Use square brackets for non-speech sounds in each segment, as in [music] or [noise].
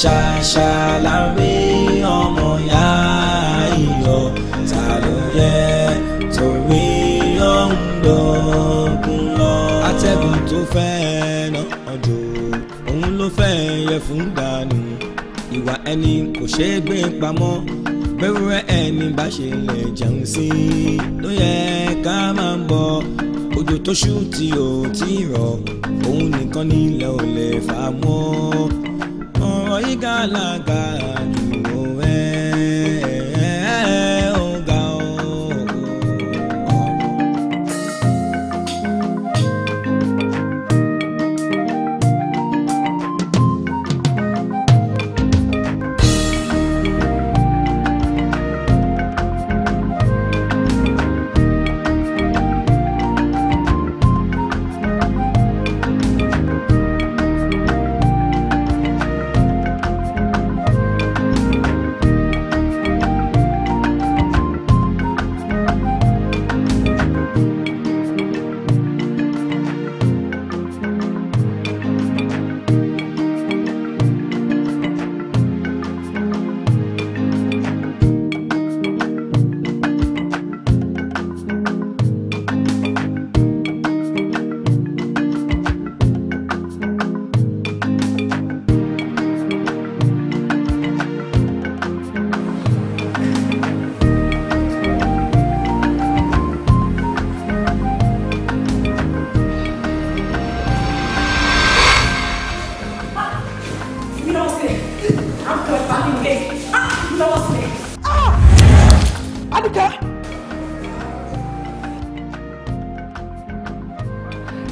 ṣàṣà láwé ọmọ yá ìyọ ta ló yẹ torí ọ̀ǹdọ̀gùn lọ. atẹ́gùn tó fẹ́ náà jò òun ló fẹ́ yẹ fún dànù ìwà ẹni kò ṣeé gbé pamọ́ bẹ́rẹ̀ ẹni bá ṣe lè jẹun sí i ló yẹ ká máa ń bọ̀ òjò tó ṣú tí ò tí ì rọ̀ òun nìkan nílẹ̀ ò lè fà á mọ́. àgbàlagbà ni.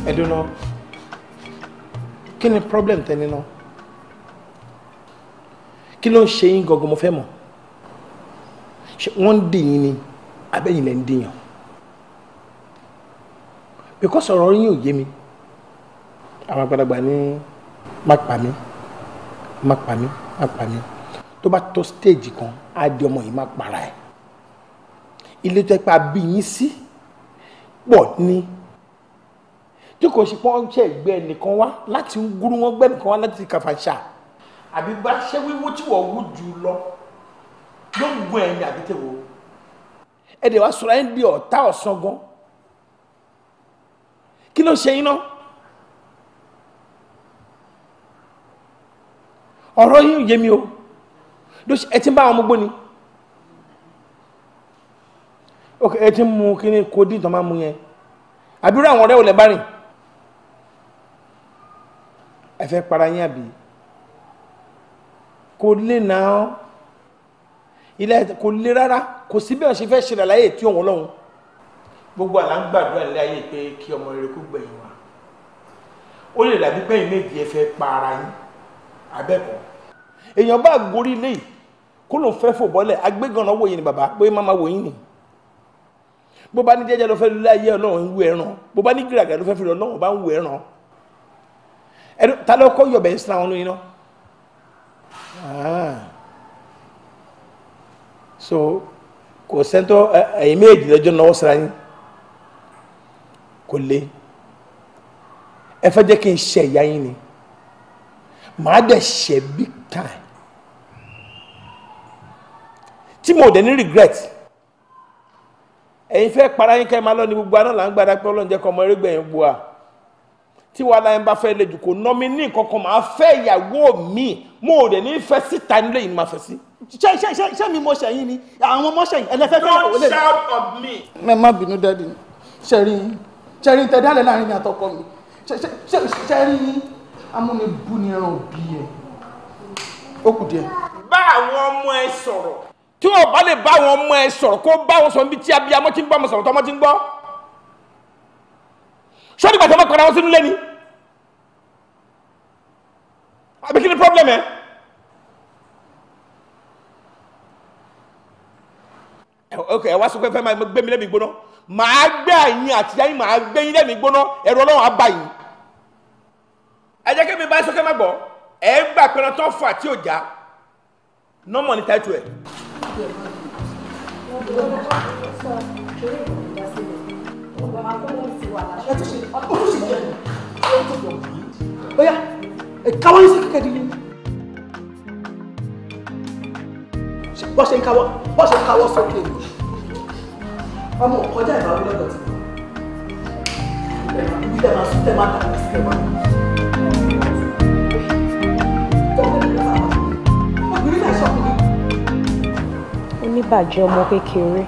ẹdùnà kí ni problem tẹni náà kí ló ń ṣe yín gangan mo fẹ́ mọ̀ wọ́n ń dì yín ni abẹ́yìn lẹ́ ń dìyàn because ọ̀rọ̀ yín ò yé mi àwọn àgbàlagbà ní má pa mí má pa mí má pa mí tó bá tó stage kan á di ọmọ yìí má para ẹ̀ ilé tó ẹ pa bí sí pọ̀ ní tí kò ṣe pọ́n ṣe gbé ẹnìkan wá láti ń gúrú wọn gbé ẹnìkan wá láti kàfàṣà àbí bá ṣé wíwú tí wọ́n wú jù lọ ló ń gún ẹ̀yìn àbí tẹ̀wò ẹ dẹ̀ wá sọ̀rọ̀ ẹ̀ ń di ọ̀tá ọ̀sán gan kí ló ṣe yín náà ọ̀rọ̀ yín yé mi o ẹ ti ń bá àwọn ọmọ gbó ni ẹ ti ń mu kí ni kò dín tán máa mu yẹn àbúrò àwọn ọ̀rẹ́ ò lè bá rìn ẹ fẹ́ para yín àbí kò lè náà ilé kò lè rárá kò sí bí wọn ṣe fẹ́ ṣe rà láyé tí òun lọ́hùn gbogbo àlá ń gbàdúrà nílé ayé pé kí ọmọ rere kó gbẹ̀yìn wa ó lè dàbí pẹ́yìn méjì ẹ fẹ́ pa ara yín abẹ́kọ̀ọ́ èèyàn bá gorí ilé yìí kó ló fẹ́ fò bọ́lẹ̀ agbéganná wòye ni bàbá bóyá má má wòye ni bó bá ní jẹ́jẹ́ ló fẹ́ lulẹ̀ ayé ọlọ́run ń wú ẹran bó bá ní gíràgà ló fẹ́ fi ọlọ́run bá ń wú ẹran ẹnu ta ló kọ́ yọ̀bẹ̀ nsira wọn yìí nọ ah. so kò sẹ́ńtọ́ ẹ̀yìn méjì lọ́jọ́ náà sara yín kò le ẹ fẹ́ jẹ́ kí n ṣe ìyá yín ni màá dẹ̀ ṣe big time tí mo dẹ̀ ní regret ẹ̀yin fẹ́ para yín kẹ́ ẹ máa lọ ní gbogbo aná là ń gbàdá pé ọlọ́run jẹ́ kọ́ ọmọ eré gbẹ̀yìn tí wàhálà yẹn bá fẹ́ lè jù kó nọ́mìnì kankan máa fẹ́ ìyàwó mi mo ò dẹ̀ ní fẹ́ síta nílé yìí máa fẹ́ sí. ṣé ṣé ṣé ṣé mi mo ṣẹ̀yìn ni àwọn ọmọ ṣẹ̀yìn ẹlẹ́fẹ́ fẹ́ kò lè. don't shout at me. mẹ má bínú dádì ṣẹ̀rí ṣẹ̀rí tẹ dálẹ̀ láàrin ní àtọkọ mi ṣẹ̀rí amúnibú ni ẹran òbí ẹ ó kù díẹ̀. bá àwọn ọmọ ẹ sọ̀rọ̀. tí o bá lè bá àwọn ọmọ ẹ sọ̀rọ̀ kó bá wọn sọ̀rọ̀ sọ́ọ́dì gbàtà máa kọ́ra wọn sínú lẹ́ni àbí kí ni problem ẹ. ok ẹ wá sọ pé fẹ́ máa gbé mi lẹ́mi gbóná màá gbé àyìn àtijọ́ yín màá gbé yín lẹ́mi gbóná ẹ̀rọ ọlọ́run á bá yín ẹ jẹ́ kí mi bá ẹ sọ́kẹ́ má gbọ́ ẹ ń gbà pẹ́ran tó fà tí ò já nọ́mọ̀ ní táìtù ẹ̀. Thank you bàbá tó wọ́n ti wà láṣẹ. ẹ tún ṣe ọtún ṣe jẹ ẹ tún yọ bóyá ẹ káwọ́ yín sí kékeré yín. bọ́ ṣe ń káwọ́ bọ́ ṣe ń káwọ́ sókè ọmọ kọjá ìbáwí lọ́dọ̀ tí wọ́n ibi tẹ̀ máa sún tẹ̀ máa dàgbà sí tẹ̀ máa. oníbàjẹ́ ọmọ kékeré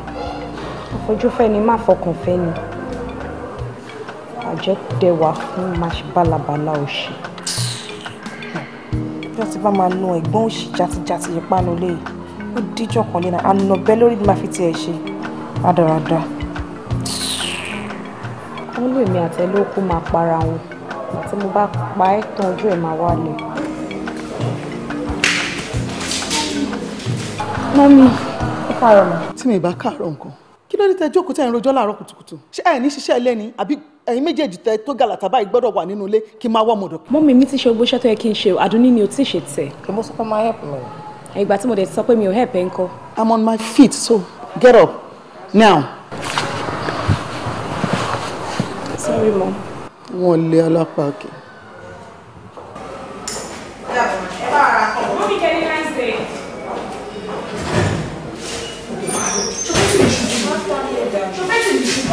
àfojúfẹ́ni má fọkànfẹ́ni àjẹ́ tẹwà fún máṣíbálabàlà òṣì bí wọ́n ti bá máa nu ẹ̀gbọ́n òṣì jatijati ìpanu lé ó díjọ́ kan lẹ́nà ànàbẹ́ lórí ni máa fi tiẹ̀ ṣe rádaràda. wọ́n lè mi àtẹ́lókù máa para wọn àti mo bá pa ẹ́ tán ojú ẹ̀ máa wálẹ̀. mọ́mí ẹ káàárọ̀ mọ́. tí mi bá káàárọ̀ nǹkan kí ló dé tẹ jókòó tẹ ń rojọ́ láàárọ̀ kùtùkùtù ṣé ẹ ní ṣiṣẹ́ ilé àbí ẹ̀yin méjèèjì tẹ tó gàlàtà báyìí gbọ́dọ̀ wà nínú ilé kí máa wọ́ ọmọdọ̀. mọ́mì mi ti ṣe gbogbo iṣẹ́ tó yẹ kí n ṣe àdúní ni o ti ṣe tẹ̀. kí mo sọ máa help mi. ìgbà tí mo dẹ̀ ti sọ pé mi ò help ẹ ń kọ́. I'm on my feet so get up now. sorry mom. wọn lé alápá kìí.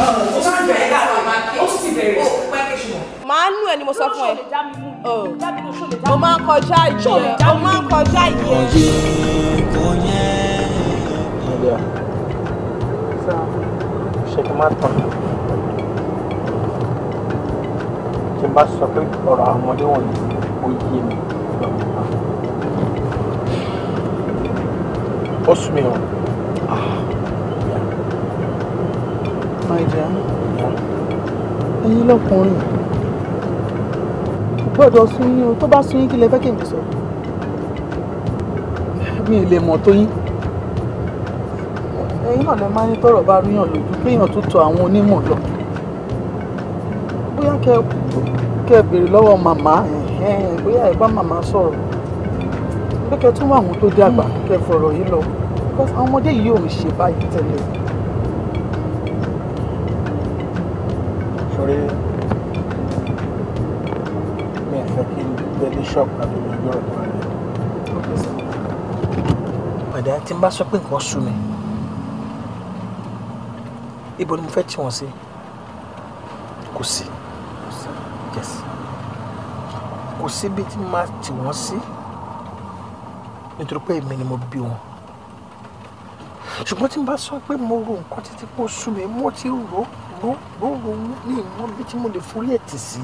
ó tún ti bẹ̀rẹ̀ ó tún ti bẹ̀rẹ̀ ó pẹ́ kí ṣùgbọ́n. màá nù ẹ ni mo sọ fún ẹ mo máa ń kọjá ìyẹn mo máa ń kọjá ìyẹn. ṣe kí n má tán tí n bá sọ pé ọ̀rọ̀ àwọn ọmọdé wọ̀nyí ó yé mi ó sùn mí hàn my dear ẹ̀yin lọkùnrin gbọ́dọ̀ sún yín o tó bá sún yín kí lẹ fẹ́ kí n sọ mi ì lè mọ̀ tó yín ẹ̀yin náà lè máa ní tọ́rọ̀ bá ríyàn lójú kéèyàn tó tọ àwọn onímọ̀ lọ bóyá kẹ kẹ béèrè lọ́wọ́ màmá bóyá ẹ bá màmá sọ̀rọ̀ bóyá kẹ tún wà àwọn tó dàgbà kẹ fọ̀rọ̀ yìí lọ because àwọn ọmọdé yìí ò ṣe báyìí tẹ́lẹ̀. torí mi ò fẹ́ kí délé ṣọ́ọ̀bù àbí mi gbọ́rọ̀ tó wà ní ọ̀gbẹ́sẹ̀. Bàdá tí ibo ni mo fẹ́ tí wọ́n sí? Kò sí. Yes. Kò síbi tí màá tì wọ́n sí nítorí pé èmi ni mo bí wọn ṣùgbọ́n tí n bá sọ pé mo rò nǹkan títí pé sú mi mo ti rò ó mo ń ronú ní ìwọ̀n bí tí mo lè forí ẹ̀ tì sí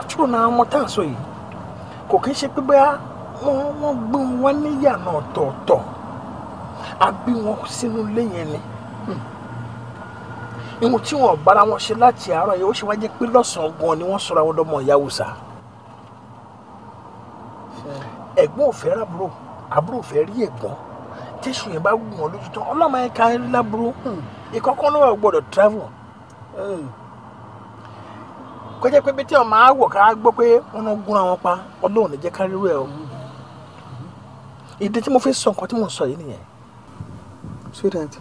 àtúrò náà ọmọ tá à ń sọ yìí kò kí ń ṣe pé bóyá wọ́n wọ́n gbé wọn níyànà ọ̀tọ̀ọ̀tọ̀ àbí wọn sínú ilé yẹn ni ìwọ̀n hmm. tí wọ́n bára wọn ṣe láti àárọ̀ yìí ó ṣe wá jẹ́ pé lọ́sàn-án gan ni wọ́n sọra wọn dọ́mọ ìyá Awúsá ẹ̀gbọ́n ò fẹ́ àbúrò ò rí ẹ̀gbọ́n tẹsù yẹn bá wù wọn lójú tán ọlọ́mọ yẹn kan lábúrú hmm. ìkọ́kọ́ náà gbọ́dọ̀ travel hmm. kọjá pé bẹ́tẹ̀ ọmọ àwọ̀ ká gbọ́ pé wọ́n náà gún àwọn pa ọlọ́run lè jẹ́ ká ẹ̀ o hmm. ìdí tí mo fi sọ nǹkan tí mo sọ yìí nìyẹn. sweetheart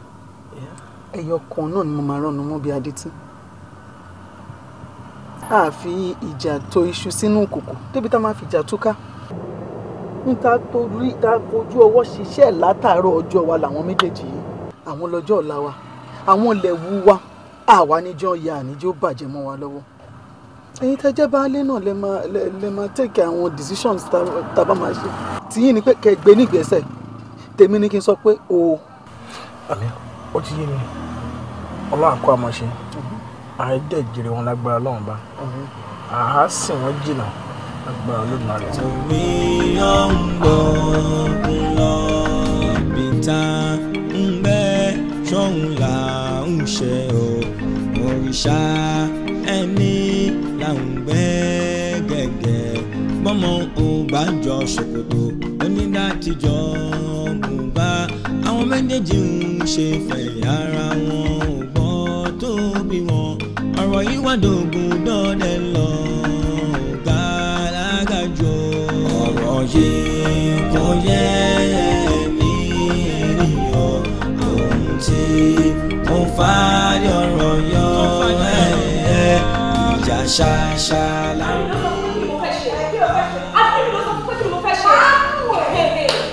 ẹyọ kan náà ni mo máa rán ọ̀nà mọ́ bí adití a fi ìjà tó iṣu sínú òkùnkùn débi tá a máa fi ìjà túká níta torí ta kojú ọwọ́ ṣiṣẹ́ látàárọ̀ ọjọ́ wa làwọn méjèèjì yìí àwọn lọ́jọ́ ọ̀la wa àwọn lẹ̀wù wa àwa níjọ́ ya àníjó bàjẹ́ mọ́ wa lọ́wọ́ ẹ̀yin tẹ́jẹ́ baálé náà lè máa lè máa take àwọn decisions tá a bá máa ṣe tìyín ni pé kẹ́ gbé nígbésẹ̀ tèmi ni kí n sọ pé o. àmì ó ti yé mi ọlọ́run kó a mọ̀ ṣe àìdẹ́jìrì wọn lágbára lọ́wọ́n bá àá sìn wọ́n jìnnà agbára olódùmarè. omi ọ̀ngbọ̀n lọ bìtà ń bẹ ṣọ́hun là ń ṣe o òrìṣà ẹni là ń gbẹ́ gẹ̀gẹ̀ bọ́mọ ò bá jọ ṣòkòtò onídàtijọ́ bùbá àwọn méjèèjì ń ṣe fẹ̀yà ara wọn ò gbọ́ tó bí wọn ọ̀rọ̀ yìí wá dògùn dọ́dẹ lọ. yé kò yé mi ènìyàn ohun tí ó fà yọ̀rọ̀ yọ ẹ̀ eh, ìjà ṣàṣà lára.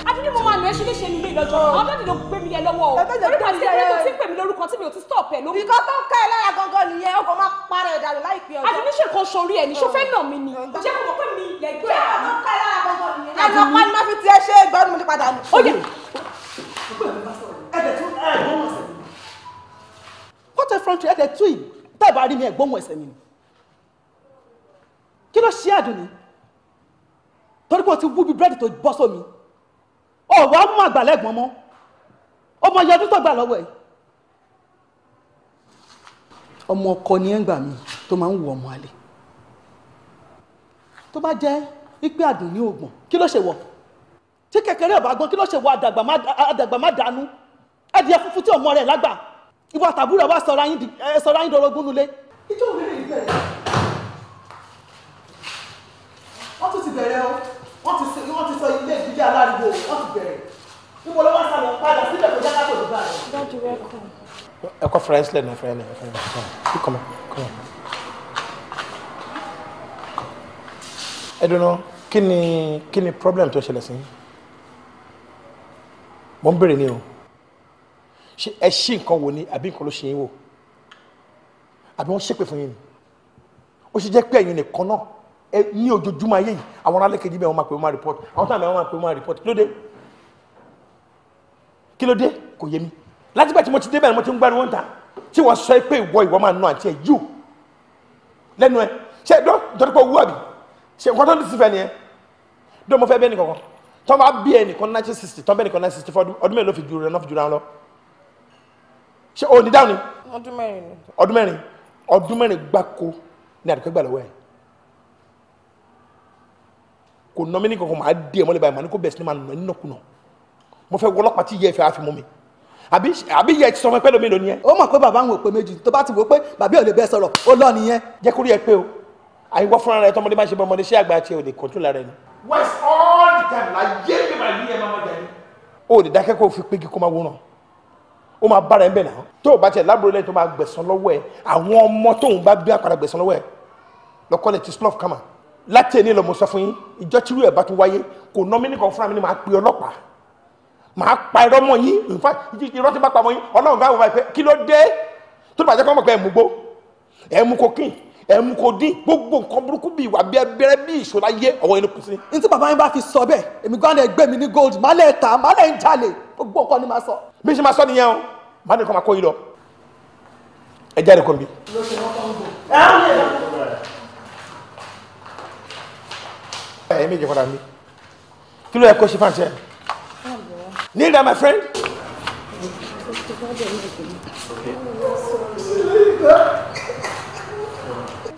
àbí ni mo máa lọ ẹ ṣe léṣe nílé ìlọjọ ọdọ mi ló gbé yẹn lọ́wọ́ o orúkọ tí ìwé tó ti ń pè mí lórúkọ tí mi ò ti stop ẹ̀ lórí. ìkọ́ tó ń ká ẹ lára gangan nìyẹn o kò máa para ẹ̀ dànù láìpẹ́ ọjọ́. àdìní kan sori ẹ̀ ní ṣó fẹ́ nà ni jẹ́ kó mọ̀ pé mi lẹ́gbẹ́ ẹ̀. ká ẹ lára gangan nìyẹn. ẹnu ọ̀pá ni má fi tiẹ̀ ṣe ìgbọ́n mi nípa dànù. ó yẹ. kọ́tẹ̀ frontier ẹ̀ tẹ̀ tú ì tẹ̀ rí mi ẹ̀gbọ́n wọn ẹ̀sẹ̀ mi ni àgbàlẹ́gbọ̀n mọ́ ọmọ yọdún tó gbà ọmọ ọkọ ni ẹ ń gbà mí tó máa ọmọ àlè tó bá jẹ́ ipe àdùn ní ògbọ̀n kí ló ṣe wọ̀ tí kékeré ọ̀bà gbọ́n kí ló ṣe wọ àdàgbà má dànù tí ọmọ rẹ̀ lágbà ìwà tàbúrò wa sọ̀rọ̀ ayín dọ̀rọ̀gún nulẹ̀. ìjọ òwe rẹ̀ bẹ̀rẹ̀ wọ́n ti bẹ̀rẹ̀ o wọ́n ti sọ ilé ìdílé aláriwo níbo ló wá sàmì padà síbẹ̀ kò jáká kò ní bá rẹ̀. dájú rẹ ẹ kọ fúra ẹsílẹ náà fúra ẹsílẹ fúra ẹsílẹ kọmọ ẹ dunu kí ni kí ni problem tó ṣẹlẹ̀ sí mo ń béèrè ni o ṣe ẹ ṣí nǹkan wò ni àbí nǹkan ló ṣe yín wò àbí wọ́n ṣépè fún yín ni ó ṣe jẹ́ pé ẹ̀yin nìkan náà ní ojoojúmọ́ ayé yìí àwọn aráàlú kejì bẹ́ẹ̀ wọ́n máa pè wọ́n máa report àwọn táwọn máa pè wọ́n máa report lóde kí ló dé kò yé mi láti gbà tí mo ti débẹ̀ ni mo ti ń gbariwo ń ta tí wọ́n sọ pé ìwọ ìwọ máa nù àti ẹ̀ yíò lẹ́nu ẹ̀ ṣe dọ́ dọ́dọ́pọ̀ owó àbí ṣe nǹkan tó ń ti fẹ́ ni ẹ̀ dọ́ mo fẹ́ bẹ́ẹ̀ nìkan kan tọ́ bá bí ẹ̀ nìkan náà ṣe sixty tọ́ bẹ́ẹ̀ nìkan náà sixty fún ọdún mẹ́rin ló fi ju rẹ̀ náà fi ju rẹ̀ lọ ṣe òní dáhùn ni. ọdún mẹ́rin ni. ọdún mẹ́rin ọdún mẹ́rin gbáko ni àdùkẹ́ gbà lọ́wọ́ ẹ̀ kò nọ́ mí ní kankan máa dé ẹ̀ mọ́lẹ̀ báyìí màá ní kó bẹ̀rẹ̀ sí ni máa nà mo fẹ́ wọlọ́pàá tí yẹ e ìfẹ́ àfi mú mi àbí àbí yẹ e ti sọ fún ẹ pé lómi lónìí yẹn. ó mọ̀ pé bàbá àwọn òpè méjì tó bá ti wò ó pé bàbá ò lè bẹ́ẹ̀ sọ̀rọ̀ ó lọ nìyẹn. jẹ́ kúrú yẹ pé o àyíwọ́ fúnra rẹ tọmọdé máa ń ṣe bọ́mọdé ṣé àgbà tiẹ̀ ò lè kọ́ńtò lára ẹni. west all the time la yé mi máa ní ẹ máa jẹ ní. o lè dákẹ́ kó o fi pégi kó máa wúran ó máa bára ẹ bẹ̀ náà tó o bá tiẹ̀ lábúrò lẹ́yìn tó máa gbẹ̀sán lọ́wọ́ ẹ àwọn ọmọ tóun bá bí àpàdà gbẹ̀sán lọ́wọ́ ẹ lọ́kọ́lẹ̀ ti slough kama láti ẹni lọ mo sọ fún yín ìjọ́ tìrú ẹ̀ bá tún wáyé kò nọ́mínì kan fúnra mi ni màá pe ọlọ́pàá màá pa irọ́ mọ́ yín nfa irọ́ ti bá pa mọ́ yín ọlọ́run bá wọ báyìí pé kí ló dé tó lè bàjẹ́ kọ́ mọ̀ pé ẹ̀mú gbó ẹ̀mú kokin ẹ̀mú kodin gbogbo nǹkan burúkú bíi ìwà bíi ẹbẹrẹ bíi ìṣòro ayé ọ̀wọ́ inú kù sí. n tí bàbá yín bá fi sọ bẹ́ẹ̀ èmi gan-an ẹgbẹ́ mi ní gold má lè tà má lè ń jalè gbogbo nǹkan ni màá sọ. bí ṣe máa sọ nìyẹn o má ní nǹkan máa kó yín lọ ẹ jáde kọ́ mi. ẹ méje kọ́ra mi kí ló yẹ Nilda, my friend.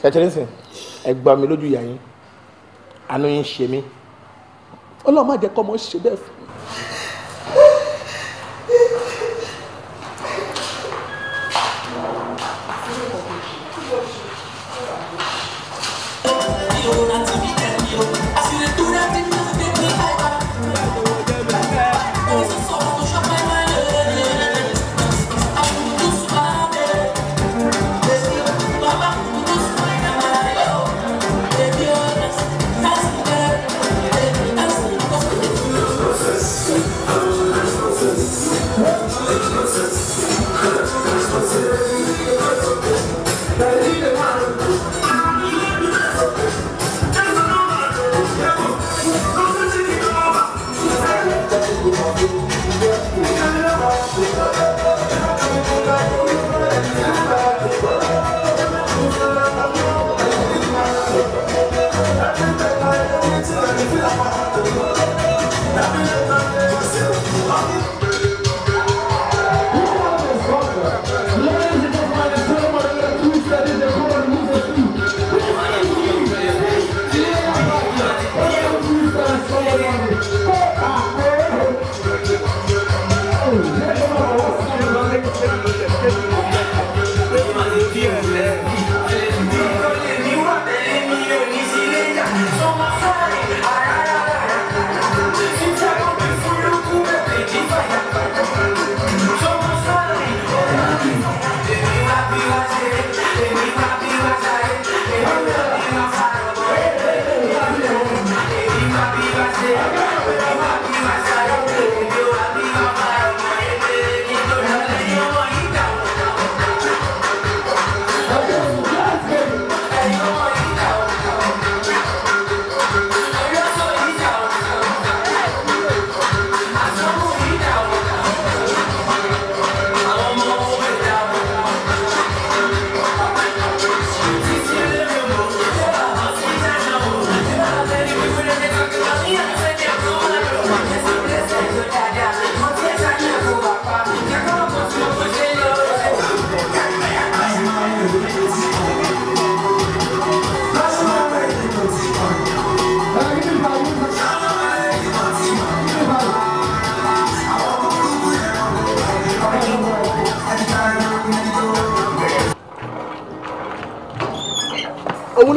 ṣẹ̀ṣẹ̀rìnsìn ẹ gbà mí lójú ìyá yín àánú yín ṣe mí ọlọ́run má jẹ́ kọ́ ọmọ ṣe bẹ́ẹ̀ fún mi.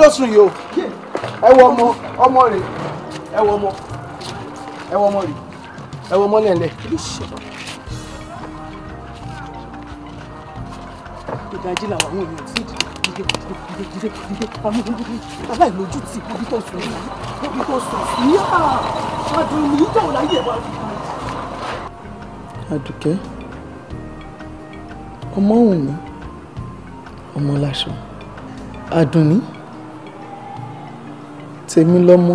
ló sùn yìí o ẹ wọ ọmọ ọmọ rẹ̀ ẹ wọ ọmọ ẹ wọ ọmọ rẹ̀ ẹ wọ ọmọ lẹ́lẹ̀. ìdajì làwọn àwọn èèyàn ti dìde dìde dìde dìde amúgbùgbùgbù aláìlójútì ibi tó sùn yìí ibi tó sùn yìí àdùnnú yìí tó láyé wa. àdùkẹ́ ọmọ òun ni ọmọ láṣọ àdùnní tèmi lọ́mọ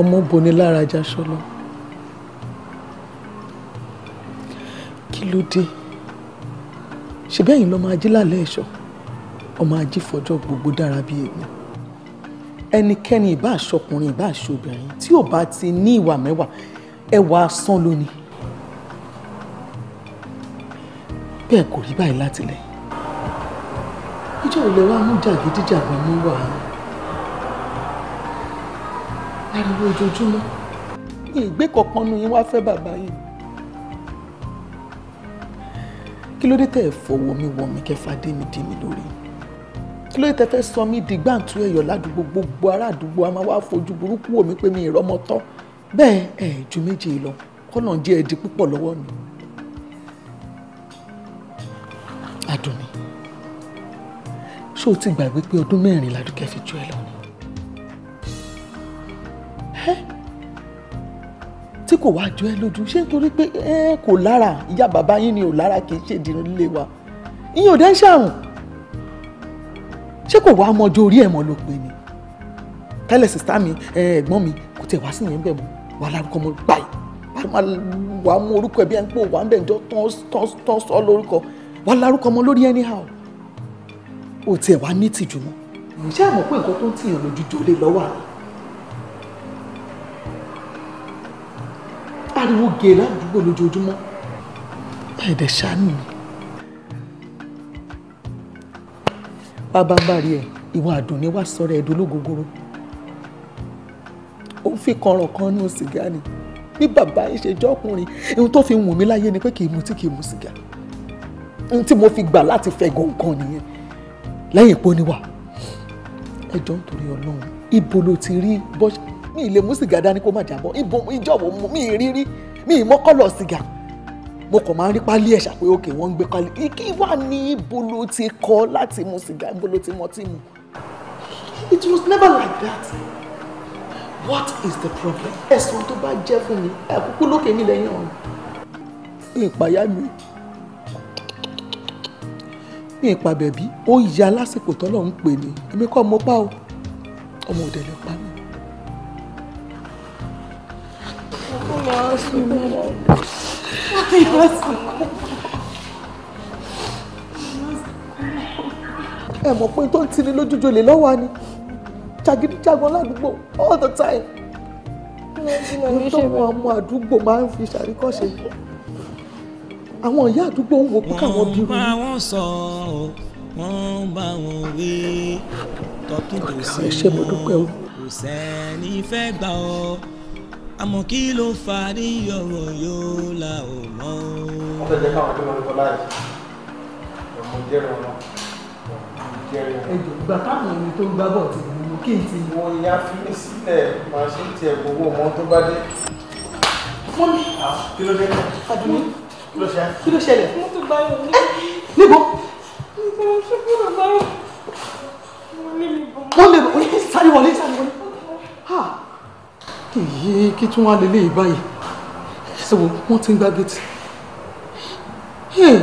ọmọ boni lára Jàsọlọ kí ló dé ṣebí ẹ̀yin lọ́mọ ají lálẹ́ ẹ̀ṣọ́ ọmọ ají fọjọ́ gbogbo dára bíi èmi ẹnikẹ́ni ìbá àṣọkùnrin ìbá àṣọbìnrin tí ò bá ti ní ìwà mẹ́wàá ẹwà asán lónìí bẹ́ẹ̀ kò rí báyìí látìlẹ́yìn ìjọ ìlẹ̀ wa mú jàgídíjàgbọ́n mú wàhálà pariwo ojoojúmọ́. ìgbé kankan nu yín wá fẹ́ bàbá yìí kí ló dé tẹ́ ẹ̀ fọwọ́ mi wọ̀ mí kẹfà dé mi dé mi lórí kí ló dé tẹ́ fẹ́ sọ mí di gbàǹtú ẹ̀yọ̀ ládùúgbò gbogbo ará àdúgbò a máa wá fojú burúkú wò mí pé mi ìrọ́mọ tọ́ bẹ́ẹ̀ ẹ̀ ju méje lọ kọ́nà jẹ́ ẹ̀dí púpọ̀ lọ́wọ́ mi. Adùnní ṣé o ti gbàgbé pé ọdún mẹ́rin ládùúkẹ́ fi jù ẹ lọ ni tí kò wá jọ ẹ lójú ṣé nítorí pé ẹ kò lára ìyá bàbá yín ni ò lára kì í ṣèdínú líle wa ìyẹn ò dẹ́ ń ṣàrùn ṣé kò wá ọmọjọ orí ẹ̀ mọ́ ló pe ni tẹ́lẹ̀ sista mi ẹ̀gbọ́n mi kò tẹ̀ wá sí yẹn bẹ̀ mọ́ wà lárúkọ mọ́ báyìí wà á mú orúkọ ẹ̀ bí ẹ̀ ń pò wà á ń bẹ̀ jọ tán sọ lórúkọ wà lárúkọ mọ́ lórí anyhow ò tiẹ̀ wá ní tìjú mọ́ ṣé àmọ̀ pé nǹkan tó ń tìyàn lójú jòlè lọ́wọ́ àná pariwo gè ládùúgbò lójoojúmọ́ ẹ̀ẹ́dẹ̀ ṣàánú mi. bàbá ń bá rí ìwà àdùnní wá sọ̀rọ̀ ẹ̀dùn ológogoro ó fi kanràn kan nù sìgá ni bí bàbá yìí ṣe jọ́kùnrin ohun tó fi wùn mí láyé ni pé kì í mutí kì í mu sìgá ohun tí mo fi gbà láti fẹ́ gọ̀ǹkan nìyẹn lẹ́yìn pé ó níwà ẹjọ́ nítorí ọlọ́run ibo ló ti rí bọ́ṣẹ́ mi ì lè mú sìgá dání kó má jábọ́ ìjọ̀wọ́ mi ì rírí mi ì mọ́kànlọ́ sìgá mo kàn máa ń rí pálí ẹ̀ ṣàpé òkè wọ́n ń gbé pálí kí wà ní ibo ló ti kọ́ láti mu sìgá ibo ló ti mọ tí mu. it was never like that what is the problem ẹ̀sùn tó bá jẹ́ fún mi ẹ̀kúkú lókè mi lẹ́yìn ọ̀run. mi ìpayà mi mi ìpàbẹ̀bí ó ya lásìkò tọ́lọ́ ń pè mí èmi kọ́ mo pa o ọmọ òdẹ̀lẹ̀ pa mí. Mama, sunkún mọ́. Mama, ìwọ sunkún. Ẹ mọ̀ pé tó ń tini lójújọ lè lọ́wọ́ ni. Jàgídíjàgan ládùúgbò all the time. Ní tó mọ ọmọ àdúgbò máa ń fi ṣàríkọ́ṣe. Àwọn ìyá àdúgbò ń wo púpọ̀ àwọn bí irú. Wọ́n bá sọ ọ́, wọ́n bá wọn wí. Tọ́kì kò sí wọn, kò sẹ́ni fẹ́ gbà ọ́ àmọ́ kí ló fà á ní ọ̀rọ̀ yóò la ò mọ̀ o. wọ́n tẹ̀lé káwọn tó máa ń kọ́ láàyè ọmọ jẹ́rìí ọmọ jẹ́rìí ọmọ. ẹjọ gba káwọn ẹni tó ń gbá bọ̀ tì mú kí n ti. mo ya fi mí sílẹ̀ màá ṣe tiẹ̀ gbogbo ọmọ tó bá dé. fún mi. kí ló dé. fàdúmí kí ló ṣẹlẹ̀. mo ti gba ayọ̀ mi. níbo. níbo ṣé kí ló bá yọ. mo ní mi bọ̀. mo lè bọ̀ sáré wọlé sáré wọlé èyí kí tún wá lélẹ̀ yìí báyìí ẹ wo wọ́n ti ń gbá géètì hmm.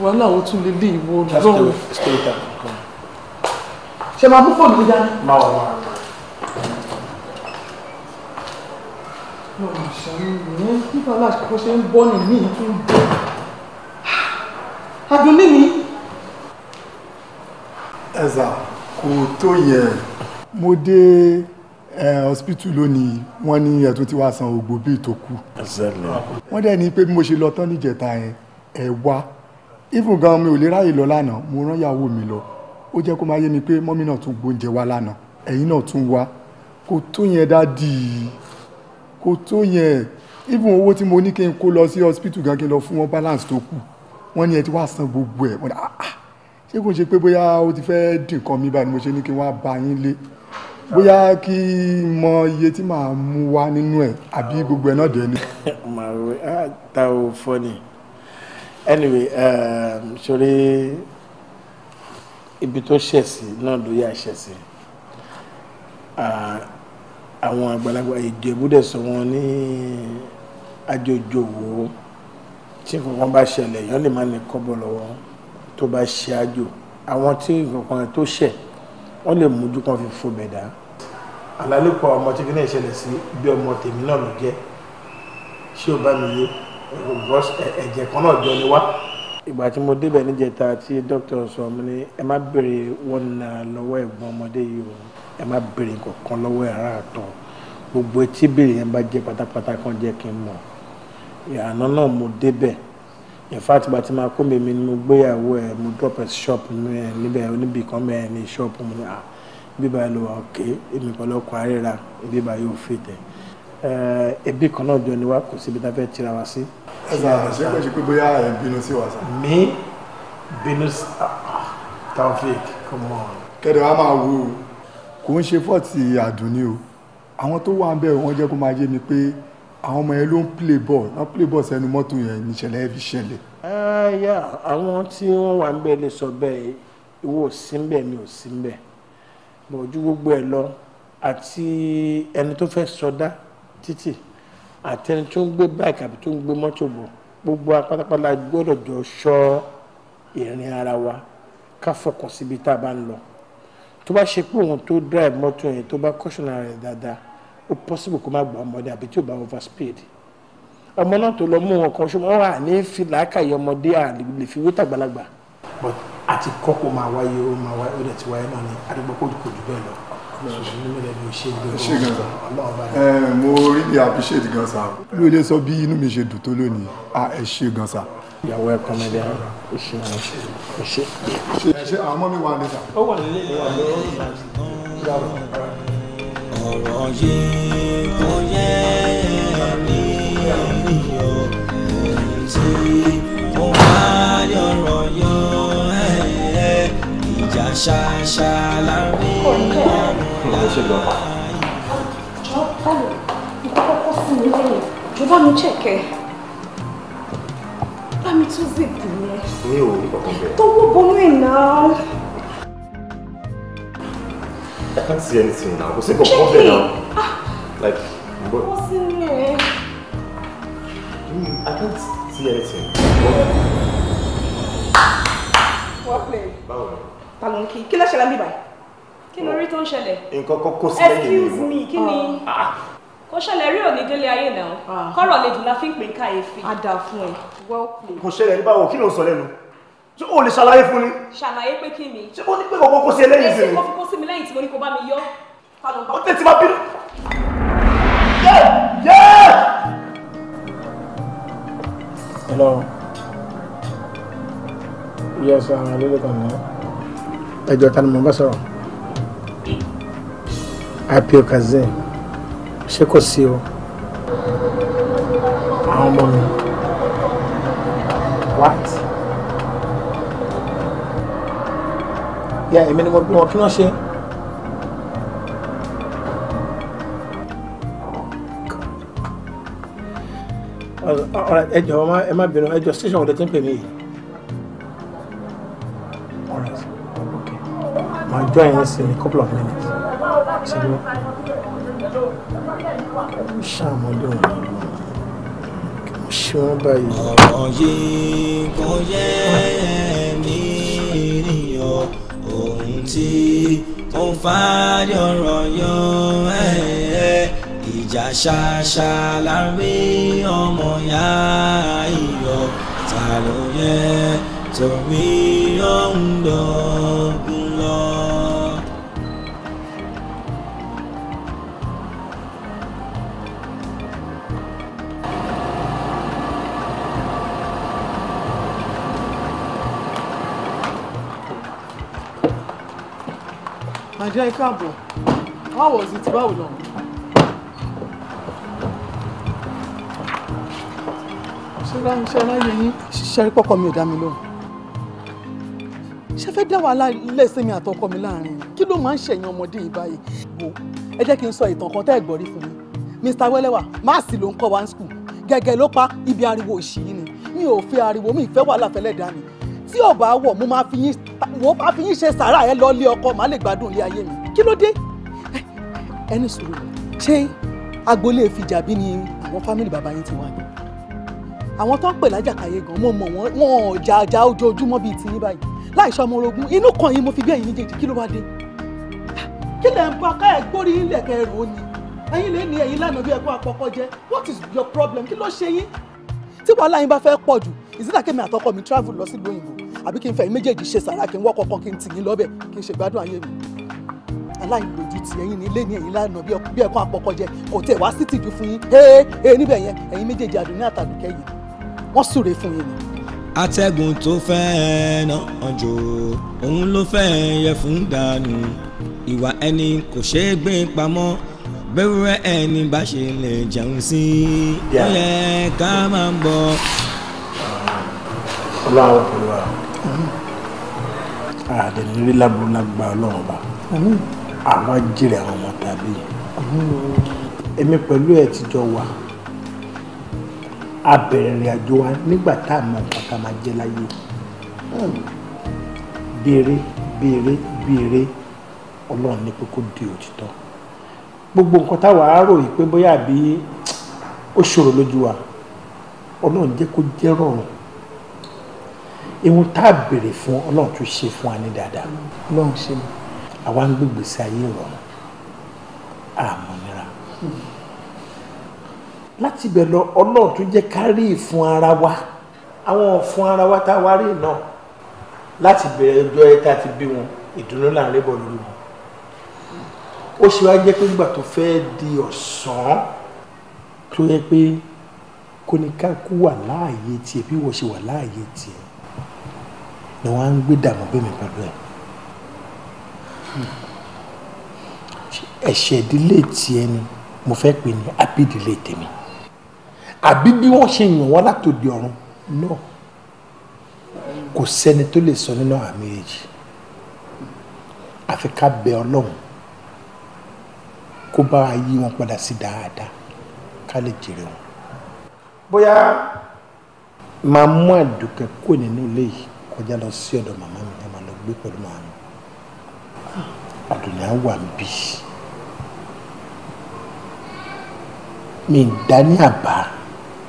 wàhálà ó tún lélẹ̀ ìwọ lọ́wọ́. ṣe máa mú fóònù gbéjà ní. máa wà máa wà. lọ́wọ́ ṣàlùyẹ nípa aláṣẹ ṣe ń bọ́ nìyí tó ń bọ́. Ah! àdùnní ni. ẹ̀sà kò tó yẹn mo dé. De... Eh, hospital lónìí wọ́n ní ẹ̀tún tí wàá san ògbó bíi tó kù. wọ́n dẹ̀ ní pé bí mo ṣe lọ tán níjẹta yẹn ẹ̀ wá even gan mi ò lè ráyè lọ lánàá mo rán ìyàwó mi lọ ó jẹ́ kó máa yé mi pé mọ́mí náà tún gbóúnjẹ wá lánàá ẹ̀yin náà tún wá kò tó yẹn dádì kò tó yẹn even owó tí mo ní kí n kó lọ sí hospital gan kí n lọ fún wọn balance tó kù wọ́n ní ẹ ti wá san gbogbo ẹ̀ wọ́n dà ah, ah, ṣé kò ń ṣe pé bóyá ó ti fẹ́ dín mi báyìí ni mo ṣe ní kí wọ́n á ba yín lé bóyá kí n mọ iye tí màá mú wá nínú ẹ̀ àbí gbogbo ẹ̀ náà dẹ̀ ni. [laughs] màwé ta ò fọ ni anyway um, sori ibi tó ṣẹ̀ sí náà ló yà ṣẹ̀ sí àwọn àgbàlagbà Ìjẹ̀bú dẹ̀ sọ wọn ní àjòjòwò tí nǹkan bá ṣẹlẹ̀ yọ́n lè má ní kọ́bọ̀ lọ́wọ́ tó bá ṣe àjò àwọn tí nǹkan tó ṣẹ̀ wọ́n lè mójú kan fi fò bẹ̀dá alálòpọ̀ ọmọ tí kíní ìṣẹ̀lẹ̀ sí bí ọmọ tèmi náà ló jẹ́ ṣé o bá mi yé ẹ̀jẹ̀ kan náà jọ ni wá. ìgbà tí mo débẹ̀ níjẹta tí dókítà sọ mi ni ẹ má béèrè wọn na lọ́wọ́ ẹ̀gbọ́n ọmọdé yìí o ẹ má béèrè kankan lọ́wọ́ ẹ̀rá àtọ̀ gbogbo etí béèrè yẹn bá jẹ́ pátápátá kan jẹ́ kí n mọ̀ ìyànà náà mo débẹ̀ in fact ìgbà tí màá kó mèmí ni mo gbéyàwó ẹ mo drop ẹ shop níbẹ̀ níbi kan bẹ́ẹ̀ ni shop mo ní à bíbá ẹ ló wà òkè èmi kan lọ́kọ̀ àríra bíbá yóò fi tẹ̀ eh, ẹbí kan náà jọ ni wa kò síbi tá a fẹ́ tira wa sí. ẹ sà ṣé kò ṣe pé bóyá ẹ bínú sí wa sà. mi bínú ah, ah, Taofik come on. kẹ́dẹ̀ wàá máa wo kò ń ṣe fọ́ọ̀tì àdùnní o àwọn tó wà ń bẹ̀ wọ́n jẹ́ kó máa yé mi pé. Pe àwọn ọmọ yẹn ló ń play ball wọ́n play ball sẹ́nu mọ́tò yẹn níṣẹ̀lẹ̀ ẹ̀ fi ṣẹlẹ̀. ẹ ah, yá àwọn tí wọ́n wà ń bẹ̀ lè sọ bẹ́ẹ̀ ìwọ ò sí bẹ́ẹ̀ mi ò sí bẹ́ẹ̀ bọ̀ ojú gbogbo ẹ̀ lọ àti ẹni tó fẹ́ sọdá títì àti ẹni tó ń gbé báìkì àbí tó ń gbé mọ́tò bọ̀ gbogbo apátápátá gbọ́dọ̀ jọ ṣọ́ ìrìn ara wa ká fọkàn síbi tá a bá ń lọ tó bá ṣe pé òun tó drive mọ́tò yẹn tó bá kọ́ṣọ́nà rẹ̀ dáadáa o possible kó má gba ọmọdé àbí tí ò bá overspeed ọmọ náà tó lọ mú wọn kan ṣùgbọ́n wọn à ní fi làákàyè ọmọdé à lè fi wé tàgbàlagbà. but àti kọ́kọ́ máa wáyé ó máa wáyé ó dẹ̀ ti wáyé náà ni àdúgbò kò jù bẹ́ẹ̀ lọ mo really appreciate gan sa mi ò lè sọ bí inú mi ṣe dùn tó lónìí a ẹ ṣe gan sa. ìyàwó ẹ̀kọ́ mi dẹ́ ẹ ṣe ẹ ṣe. àwọn ọmọ mi wà níta. ó wà nílé ìyàwó ìyàwó ọ̀rọ̀ yìí kò yẹ ní ìyọ̀ òun tí mo bá yọ̀rọ̀ yọ ìjà ṣàṣà láàrin àwọn ará bá mi chẹ́kẹ̀ bá mi tún zèpù yẹn mi ò rí kankan bẹ́ẹ̀ tọwọ́ bọnú ẹ̀ náà. I can't see anything now. Kò sí nǹkan kan bẹ̀ ah! Like, but... Mm, I can't see anything. Wọ́n pè é. Báwo ni? Palonki, kí ló ṣẹlẹ̀ níbàyí? Kí ló rí tó ń ṣẹlẹ̀? Nǹkan kan kò sí lẹ́yìn mi. Excuse me, kí ni? Ah. Ah. Kò ṣẹlẹ̀ rí òní délé ayé náà. Kọ́rọ̀ lè dùn la fi ń pè káyéfì. A dà fún ẹ. Well played. Kò ṣẹlẹ̀ ní báwo, kí ló ń ṣé o lè ṣàlàyé fún mi. ṣàlàyé pé kí ni. ṣé o ní pé kò kó sí ẹlẹ́yìn sí mi. èsì kò fi kó sí mi lẹ́yìn tí mo ní kó bá mi yọ. ó tẹ̀ ma bínú. yẹ yẹ. hello yes àwọn olórí kan ní ẹjọ́ ta ni mo bá sọ̀rọ̀ apio kazeem ṣé kò sí o àwọn ọmọ mi Yeah, I mean, what bí wọn kí wọ́n ṣe. ẹ jọ̀ọ́ ẹ má bínú ẹ jọ̀ọ́ station ọ̀dẹ tí ń pè mí yìí. I'll join us in a couple of minutes. Ṣé ló? Ó ṣàmọ́dé òun lọ́wọ́. Kí wọ́n ṣe wọ́n báyìí sí ó ń fàárí ọ̀rọ̀ yọ ìjà ṣàṣà láwé ọmọ ya iyọ̀ ta torí ọ̀hún dán. Ọ̀gá ẹ káàbọ̀, how was it? Báwo lọ? Ṣé ṣe ráyè yín? Ṣé rí pọ́kọ mi ò dá mi lóhùn? Ṣé fẹ́ dá wàhálà lẹ́sẹ̀ mi àtọkọ mi láàrin? Kí ló máa ń ṣẹ̀yìn ọmọdé yìí báyìí? Wo ẹ jẹ́ kí n sọ ìtàn kan tẹ́ ẹ̀ gbọ́rí fún mi. Mr. Wẹ́lẹ́wà, máàsì ló ń kọ́ wa ní skul. Gẹ́gẹ́ ló pa ibi ariwo òṣì yìí ni. Mi ò fẹ́ ariwo mi ìfẹ́ wàhálà fẹ́lẹ́ dá mi. Tí ọ̀bà wọ̀ mo máa fi yín wo bá fi yín ṣe sàárà ẹ lọ lé ọkọ màá lè gbádùn ilé ayé mi kí ló dé ẹni sọ̀rọ̀ ṣé agboolé fìjàbí ni àwọn fámìlì bàbá yín ti wá ní àwọn tó ń pè lájàkáyé gan mo mọ wọn wọn ò jàjà ojoojúmọ́ bíi tiyín báyìí láìsọ ọmọ orogún inú kan yìí mo fi bí ẹ̀yin méjèèjì kí ló wá dé kí lẹ ń bọ aká ẹ gbórí ilẹ̀ kẹrù ni ẹ̀yin lè ní ẹ̀yin lánàá bí ẹkọ àpọkọ jẹ what is your problem kí ló ṣe yín tí wàhálà yín bá fẹ́ pọ̀ jù ìsìlákẹ́mi àtọkọ mi travel lọ sílùú òyìnbó àbí kí n fẹ̀yìn méjèèjì ṣe sàrà kí n wọ́kọ̀ kan kí n tì yín lọ́bẹ̀ kí n ṣe gbádùn ayé mi aláìlójú ti ẹ̀yin ní ilé ní ẹ̀yin lánàá bí ẹ̀kọ́ àpọ̀kọ̀jẹ kò tẹ̀ wá sí tìjú fún yín ee níbẹ̀ yẹn ẹ̀yin méjèèjì àdùnní àtàdùnkẹ́ yìí wọ́n súre fún yín ni. atẹ́gùn tó fẹ́ẹ́ náà jò òun ló fẹ́ẹ́ yẹ fún dànù ìwà ẹni kò ṣeé gbé pamọ́ bẹ́wúrẹ́ ẹni bá ṣe lè jẹun sí i ó yẹ ká máa ń bọ̀. ọlọ́run kò wá àdẹ̀lérí lábúrú lágbá ọlọ́run ọba àwa jèrè àwọn ọmọ tàbí èmi pẹ̀lú ẹ̀ ti jọ wà a bẹ̀rẹ̀ ìrìn àjò wa nígbà tá a mọ nǹkan ká máa jẹ láyé béèrè béèrè béèrè ọlọ́run ní pé kó di òtítọ́ gbogbo nǹkan táwa á rò yìí pé bóyá àbí ó ṣòro lójú wa ọlọ́run jẹ́ kó jẹ́ rọrùn ewu tá a béèrè fún ọlọ́run tún ṣe fún wa ní dáadáa. ọlọ́run ṣe mí. àwa ń gbègbè sí ayé ìrọ̀rùn àmọ́ nira. láti ibẹ̀ lọ ọlọ́run tún jẹ́ ká rí ìfún ara wa àwọn ọ̀fun ara wa tá a wá rí náà láti bẹ̀rẹ̀ ọjọ́ ẹ tá a ti bí wọn ìdùnnú là ń lórí wọn. ó ṣe wá jẹ́ pé nígbà tó fẹ́ di ọ̀sán tó yẹ pé kóníkàkú wà láàyè tiẹ̀ bí wọ́n ṣe wà láàyè tiẹ̀ ni wọ́n á ń gbé dààmú bẹ́mi pẹ̀lú ẹ̀ ẹ̀ṣẹ̀ ìdílé tiẹ̀ ni mo fẹ́ pè ní àbí ìdílé tèmi àbí bí wọ́n ṣe yàn wọ́n látòdì ọ̀run náà kò sẹ́ni tó lè sọ nínú àmì èjì àfi ká bẹ ọlọ́run kó bá yí wọn padà sí dáadáa ká lè jèrè wọn. bóyá máa mú àdùkẹ́ kó nínú ilé yìí kọjá lọ sí ọ̀dọ̀ màmá mi ẹ máa lọ gbé pẹ̀lú màmá mi àdùnní á wà níbí mi dání àbá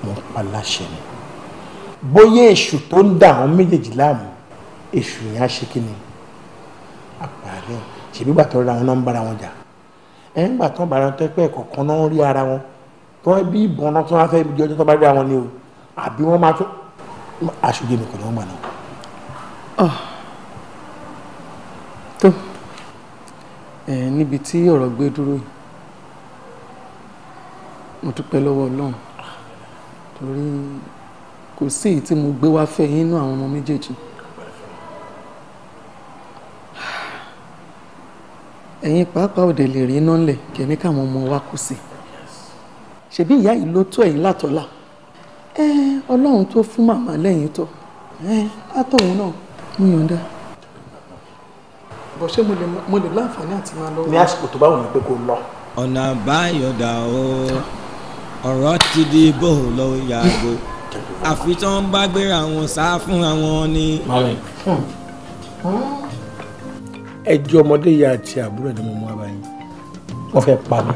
mo ń pa láṣẹ ni bóyá èṣù tó ń dà àwọn méjèèjì láàmú èṣù yẹn á ṣe kí ni àpàrẹ ṣèbí gbàtọ́ ra wọn náà ń bára wọn jà ẹ̀ ń gbàtọ́ bára wọn tẹ́pẹ́ kọ̀ọ̀kan náà ń rí ara wọn tó ẹ bí ìbọn náà tó wá fẹ́ jọjọ́ tó bá rí àwọn ni o àbí wọ́n máa tó aṣojú mi kò ní wọ́n gbà náà. Ah. tó níbi tí ọ̀rọ̀ gbé dúró yìí mo dúpẹ́ lọ́wọ́ ọlọ́run torí kò sí èyí tí mo gbé wá fẹ́ yín nínú àwọn ọmọ méjèèjì ẹ̀yin pàápàá òde lè rí iná ńlẹ̀ kẹ́ni káwọn ọmọ wa kù sí ṣebí ìyá yìí ló tó ẹ̀yin látọ̀la ọlọ́run tó fún màmá lẹ́yìn tó látọ̀hún náà mo yọ̀ǹda bọ̀ ṣé mo lè láǹfààní àti máa lọ. ní àsìkò tó bá wù mí pé kó lọ. ọ̀nà àbáyọ̀dà o ọ̀rọ̀ ti di bò lọ yàgò àfi tí wọ́n bá gbéra wọn sá fún àwọn ni. ẹjọ́ ọmọdé yìí àti àbúrò ẹ̀ ni mo mú abayín wọ́n fẹ́ pa mí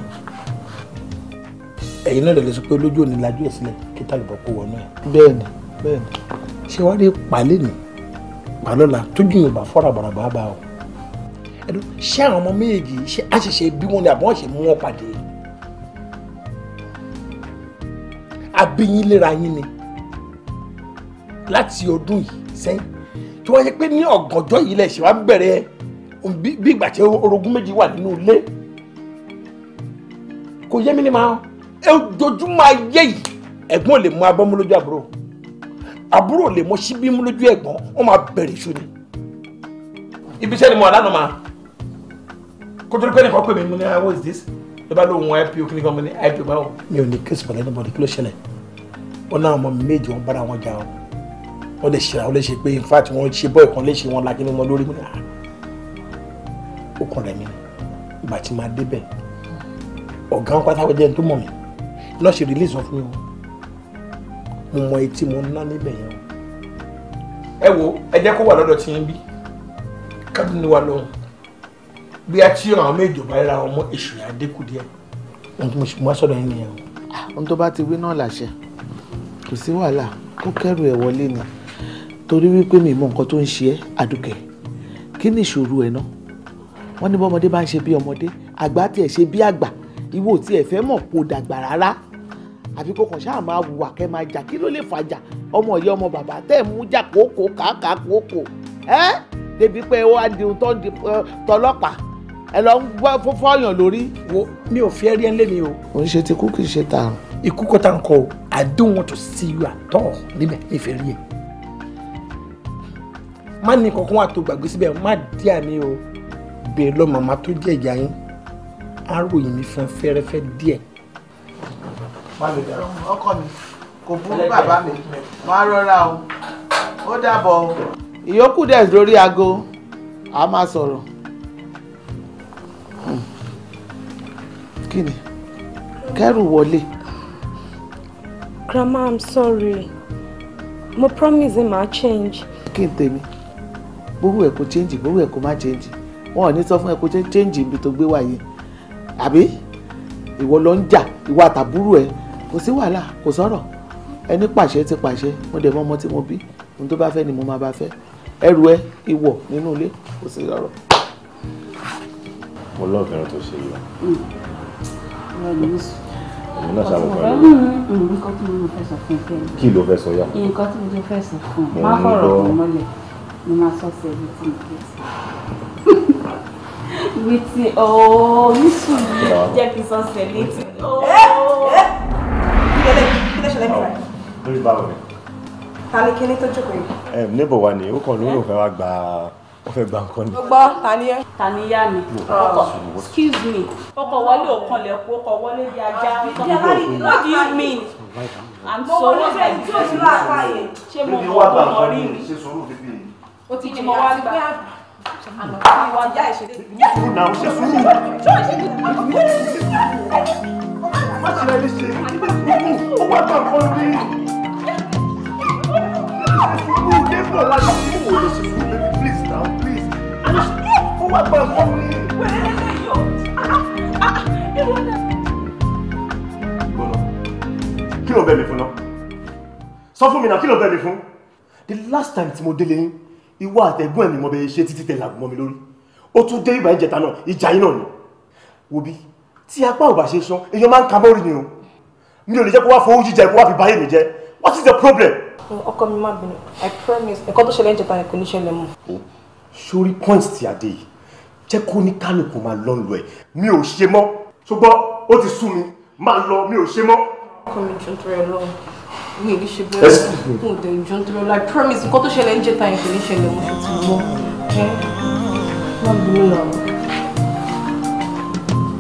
ẹ̀yin náà lè sọ pé olójú òní lajú ẹ̀ sílẹ̀ kí tàlùbọ̀ kó wọnú ẹ̀. bẹ́ẹ̀ni bẹ́ẹ̀ni ṣé wàá rí pàlẹ́ nìí pàlọ́la tójú yóò bá fọ́ra bàràbà bá o ẹ̀dọ́ ṣé àwọn ọmọ méjèèjì ṣe àṣìṣe bí wọ́n ní àbọ̀ ṣe mú wọn pàdé abíyín léra yín ni láti ọdún yìí sẹ́yìn tí wọ́n ṣe pé ní ọ̀gànjọ́ yìí lẹ̀ ṣe wá bẹ̀rẹ̀ bí ìgbà tí orogún méjì wà nínú ilé kò yé mi ní ma ẹ dojúmọ́ ayé yìí ẹ̀gbọ́n ò lè mú abọ́mú àbúrò àbúrò lè mọ síbí mú lójú ẹ̀gbọ́n wọ́n máa bẹ̀rẹ̀ iṣu ni. ibi iṣẹ́ ni mo wà lánàá máa kó torí pé nìkan pè mí mo ní ah, what is this ló bá lóun ipo kí nìkan mo ní ipo báwo. mi ò ní kéésì pẹ̀lú anybody kí ló ṣẹlẹ̀ wọn náà mọ méjì wọn bára wọn jà wọn wọn lè ṣe àwọn léṣe pé in fact wọn ṣe bọ́ọ̀ kan léṣe wọn lajú wọn lórí mi náà ah. ó kàn rẹ̀ mí ìgbà tí máa débẹ̀ ọ̀gá wọn pátákó jẹ́ ní tó mọ̀ mí lọ́ọ́ ṣe release wọn fún mi wọn mo mọ etí mo ná níbẹ̀ yẹn o. ẹ wo ẹ jẹ́ kó wà lọ́dọ̀ tí yín bí kábí ni wà lọ́hùn bí a ti ràn án méjì bá ra ọmọ èṣù yà á dínkù díẹ̀ ohun tí mo sì mú wá yín nìyẹn o. ohun tó bá ti wí náà làṣẹ kò sí wàhálà kó kẹ́rù ẹ̀ wọlé ni torí wípé mi mọ nǹkan tó ń ṣe ẹ́ àdùkẹ́ kí ni ìṣòro ẹ̀ náà wọ́n ní bọ́mọdé bá ń ṣe bí ọmọdé àgbà tiẹ̀ ṣe bí àgbà ìwọ tí ẹ fẹ́ mọ̀ dàgbà rárá àbí kò ṣáà máa wùwà kẹ́ máa jà kí ló lè fàjà ọmọ ìyá ọmọ bàbá tẹ́ ẹ̀ mú jà kókó kàákà kókó ẹ́ débi pé ó wá di tó di tọlọ́pàá ẹ lọ ń gbọ́ fọ́fọ́yàn lórí. wo mi ò fi ẹrí ẹ lé mi o. ń ṣe ti kú kì í ṣe tààrùn. ikú kọta ń o I don't want to see you at all níbẹ̀ mi fẹ́ rí ẹ. má ní kankan wà tó gbàgbé síbẹ̀ má dí àmì o bèrè lọ màmá tó jẹ́ ìyá yín á mi fún fẹ́rẹ́fẹ́ díẹ̀. ọkọ mi kò burú bàbá mi má rọra o ó dàbọ̀ o. ìyókù dẹ̀ lórí aago a máa sọ̀rọ̀ hmm. kí ni kẹ́rù wọlé. grandma i'm sorry mo promise ma change. kí n tèmi bówó ẹ kò change bówó ẹ kò má change wọn ò ní sọ fún ẹ kó change ibi tó gbé wáyé àbí ìwọ ló ń jà ìwọ àtàbúrò ẹ kò sí wàhálà kò sọ̀rọ̀ ẹni pàṣẹ ti pàṣẹ mo dẹ̀ mọ ọmọ tí mo bí ohun tó bá fẹ́ ni mo máa bá fẹ́ ẹrù ẹ ìwọ nínú ilé kò sí lọ́rọ̀. mo lọ́ọ̀ fẹ́ràn tó ṣe yọ. Mm. èmi náà ṣàmì pẹ̀lú. Mm, mm, nǹkan tí mo fẹ́ sọ fún ẹ. kí ló fẹ́ sọ yá. nǹkan tí mo fẹ́ sọ fún ẹ. má fọ̀rọ̀ kò mọ́lẹ̀ mo máa sọ sí ẹbí tí mo fẹ́ sọ. wíìtì ooo yíṣù jẹ́ kí n sọ sí ẹ létí ni. ta ni ni ó kàn lórí òfin wa gba ó fẹ́ gba nǹkan ni. gbọ́ ta ni ni yá mi ọkọ excuse me ọkọ wọlé òkan lẹ̀kọ́ ọkọ di ajá what do you mean and so wọ́n fẹ́ tí o ti rà fàyè ṣé mo mọ̀ ọ́ mọ̀ rí mi o ti jẹ́ mọ́ wá gbà àmọ́ kí wọ́n já ìṣẹ̀lẹ̀. ṣé sùúrù náà ṣé sùúrù má ṣe rẹ léṣe ikú ó wá bá nǹkan rí ikú débò wá sí ikú wò lè ṣe fún mi please now please ó wá bá nǹkan rí. kí ló bẹ̀ mí fún náà sọ fún mi náà kí ló bẹ̀ mí fún the last time tí mo délé yín ìwọ àtẹ̀gbọ́n ẹ̀ ni mo bẹ̀ ṣe títí tẹ̀ làgùn mọ́ mi lórí ó tún dé ìbà ìjẹta náà ìjà yín náà ni wo bí tí apá ò bá ṣe sọ èèyàn máa ń ka mọ́rin ni o mi ò lè jẹ́ kó wá fowó jíjẹ kó wá fi báyé mi jẹ what is the problem. ọkọ mi má bínú i promise nǹkan tó ṣẹlẹ̀ ń jẹta yẹn kò ní ṣẹlẹ̀ point ti àdé yìí jẹ́ kó ní kálukú máa lọ lọ ẹ̀ mi ò ṣe mọ́ ṣùgbọ́n ó ti sú mi máa lọ mi ò ṣe mọ́. ọkọ mi jù ń tọrọ lọ mi ò ní ṣe bẹ́ẹ̀ mo dẹ̀ jù ń tọrọ lọ i promise nǹkan tó ṣẹlẹ̀ ń jẹta yẹn kò ní ṣẹlẹ̀ má bínú làwọn.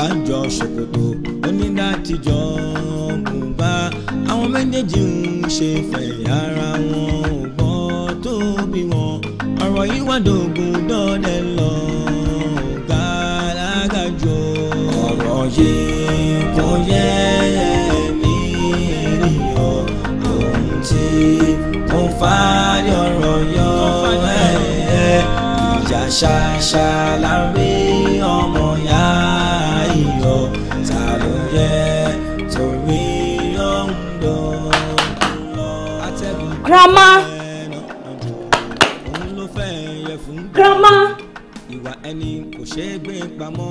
Ọbásanjọ́ Ṣòkòtò onídàtijọ́ Buba àwọn méjèèjì ń ṣe fẹ̀yà ara wọn ò gbọ́ tó bí wọn ọ̀rọ̀ yìí wá dògùn dọ́dẹ lọ gàlágàjò ọ̀rọ̀ yìí kò yẹ ẹ̀mí ènìyàn ohun tí kò fàárí yọ ẹ̀ ìjà ṣàṣà láre. ṣe é gbé pamọ́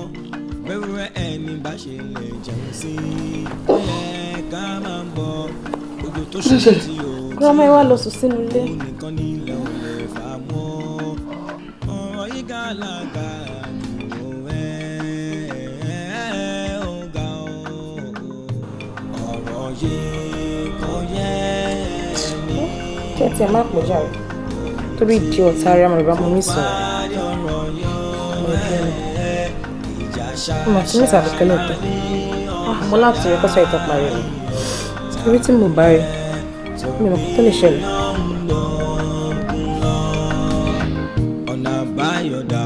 wẹ́wẹ́ ẹni bá ṣe lè jẹun sí i ẹ ká máa ń bọ̀ ojú tó ṣe ti o ti ọmọ ẹ wá lọ sùn sínú ilé. òun nìkan ní ilẹ̀ ò lè fà mọ́ ọ̀rọ̀ yìí gàlagà nìyó ẹ̀ ó ga ọ̀rọ̀ yìí kò yẹ ẹ̀mí. kẹ́tì ẹ̀ má pọ̀ jáde torí ìdí ọ̀tá ara mọ̀ ìbámu mi sọ̀rọ̀ mà kí ní ìsàlùkẹ́lẹ̀ tó ah, mo láti rí kọ́sọ̀ ìtọ́ parí rẹ̀ orí tí mo bá rí mi ò kó tó lè ṣẹlẹ̀. ọ̀nà àbáyọ̀dà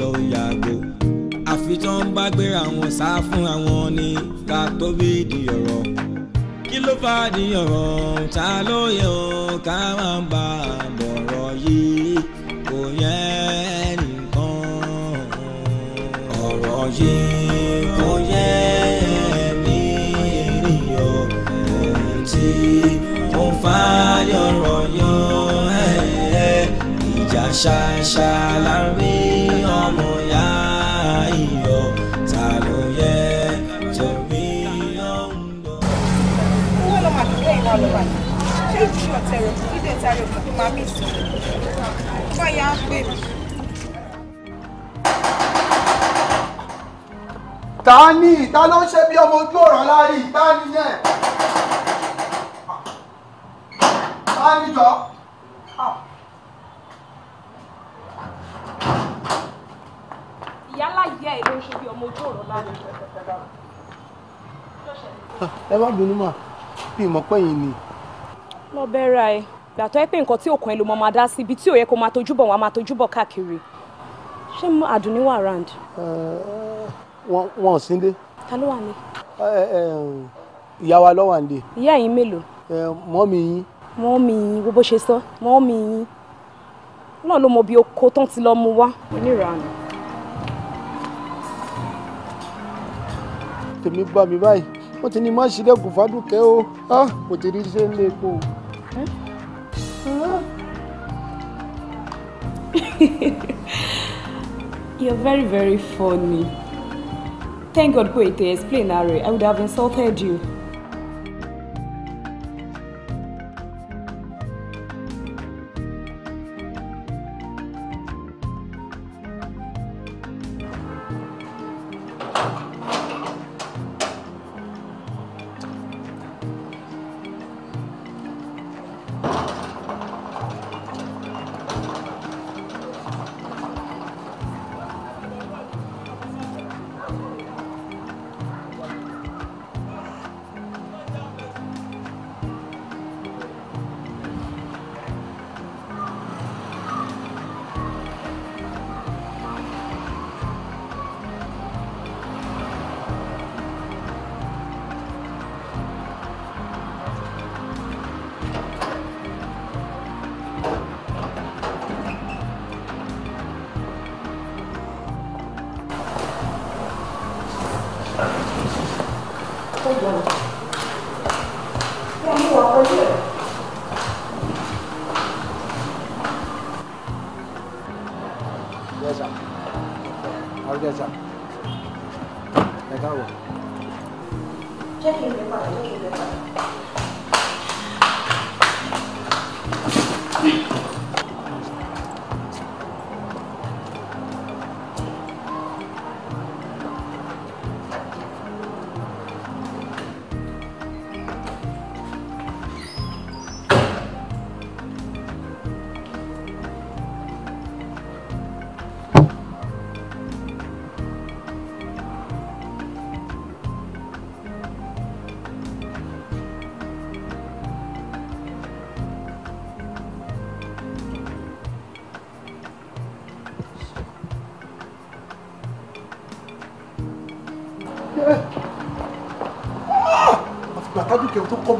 lọ yàgò àfi bá gbéra wọn sá fún àwọn ní ká tó bí kí ló bá di ta ló yẹ ọ́ ká máa bá a. ṣàṣà láàrin ọmọ ya iyọ̀ ta ló yẹ torí ọ̀ǹdọ̀. owó ló máa dúró ìwà ló wà ṣé ìdílé ọ̀tẹ̀rọ̀ kí i. wọ́n yá ta ni ìta ló ń ṣe bí ọmọ ojú ọ̀rọ̀ láàrin ìta nìyẹn ta ni jọ. ìyálà yẹ ẹ bá ń ṣe bí ọmọ ojú bínú mà bí ìmọ̀ pé yìí ni. lọ bẹ́ra ẹ gbàtọ́ ẹ pé nǹkan tí òkun ẹ ló mọ máa dá sí ibi tí ò yẹ kó máa tojúbọ̀ wọn á máa tojúbọ̀ káàkiri ṣé àdùnní wà round. wọn ò sí dé. ta ló wà ní. ìyá wa ló wà ìyá yín mélòó. mọ́mì yín. mọ́mì yín bó ṣe sọ mọ́mì yín náà ló mọ bí oko tán ti lọ mú wá. oníranù. tèmi bá mi báyìí wọ́n ti ní má ṣe lẹ́kùn fádùkẹ́ o kò ti rí ṣe ń lé epo. You're very, very funny. Thank God pé ètè explain I would have insulted you.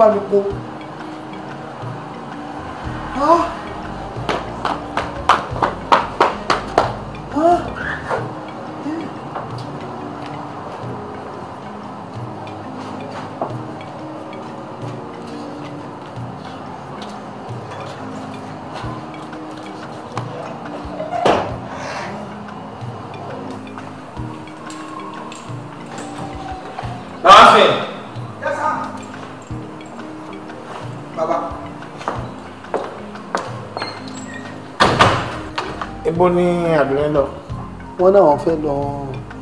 bá mi ibo ni àdúrà lọ. wọ́n náà wọ́n fẹ́ lọ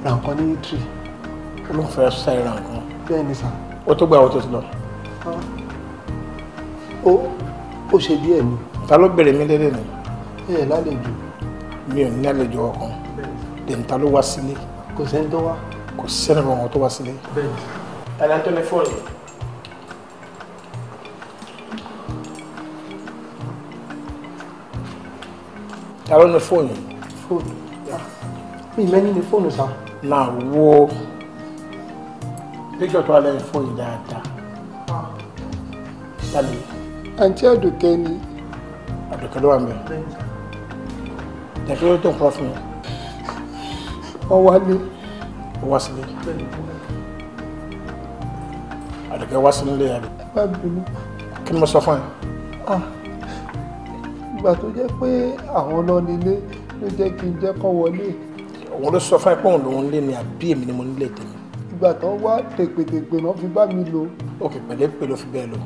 ra nǹkan ní tree. olóhùn fẹ́ sáré ra nǹkan. bẹ́ẹ̀ ni sà. o tó gba àwọn tó ti lọ. ó ó ṣe díẹ̀ ni. ta ló bèrè mi lédè ni. ẹ lálejò. mi ò ní àlejò ọkàn dèmí ta ló wá sílé. kò sẹ́ni tó wá. kò sẹ́ni tó wá sílé. bẹ́ẹ̀ ni. tani tó ní fóònù. tàbí ní fóònù. fóònù mi mẹ́ni ní fóònù sá. náà wo píkọ̀ tó wà lẹ́yìn fóònù dáadáa. tàbí. Ah. àǹtí àdùkẹ́ ni. àdùkẹ́ ló wà mẹ́. dàkẹ́ ló tó ń kọ́ fún mi. wọ́n wá ní. wọ́n wá sílé. àdùkẹ́ wá sílé yàrá. ẹ bá kí ni mo sọ fún ẹ. ah ìgbà tó jẹ́ pé àwọn ọlọ́ni ilé ló jẹ́ kí n jẹ́ kọ́ wọlé. òun ló sọ fún ẹ pé òun lòun lé ni àbí èmi ni mo nílé tèmi. ìgbà tó wá tèpètèpè náà fi bá mi lò. ok pẹ̀lẹ́pẹ̀ ló fi bẹ́ẹ̀ lò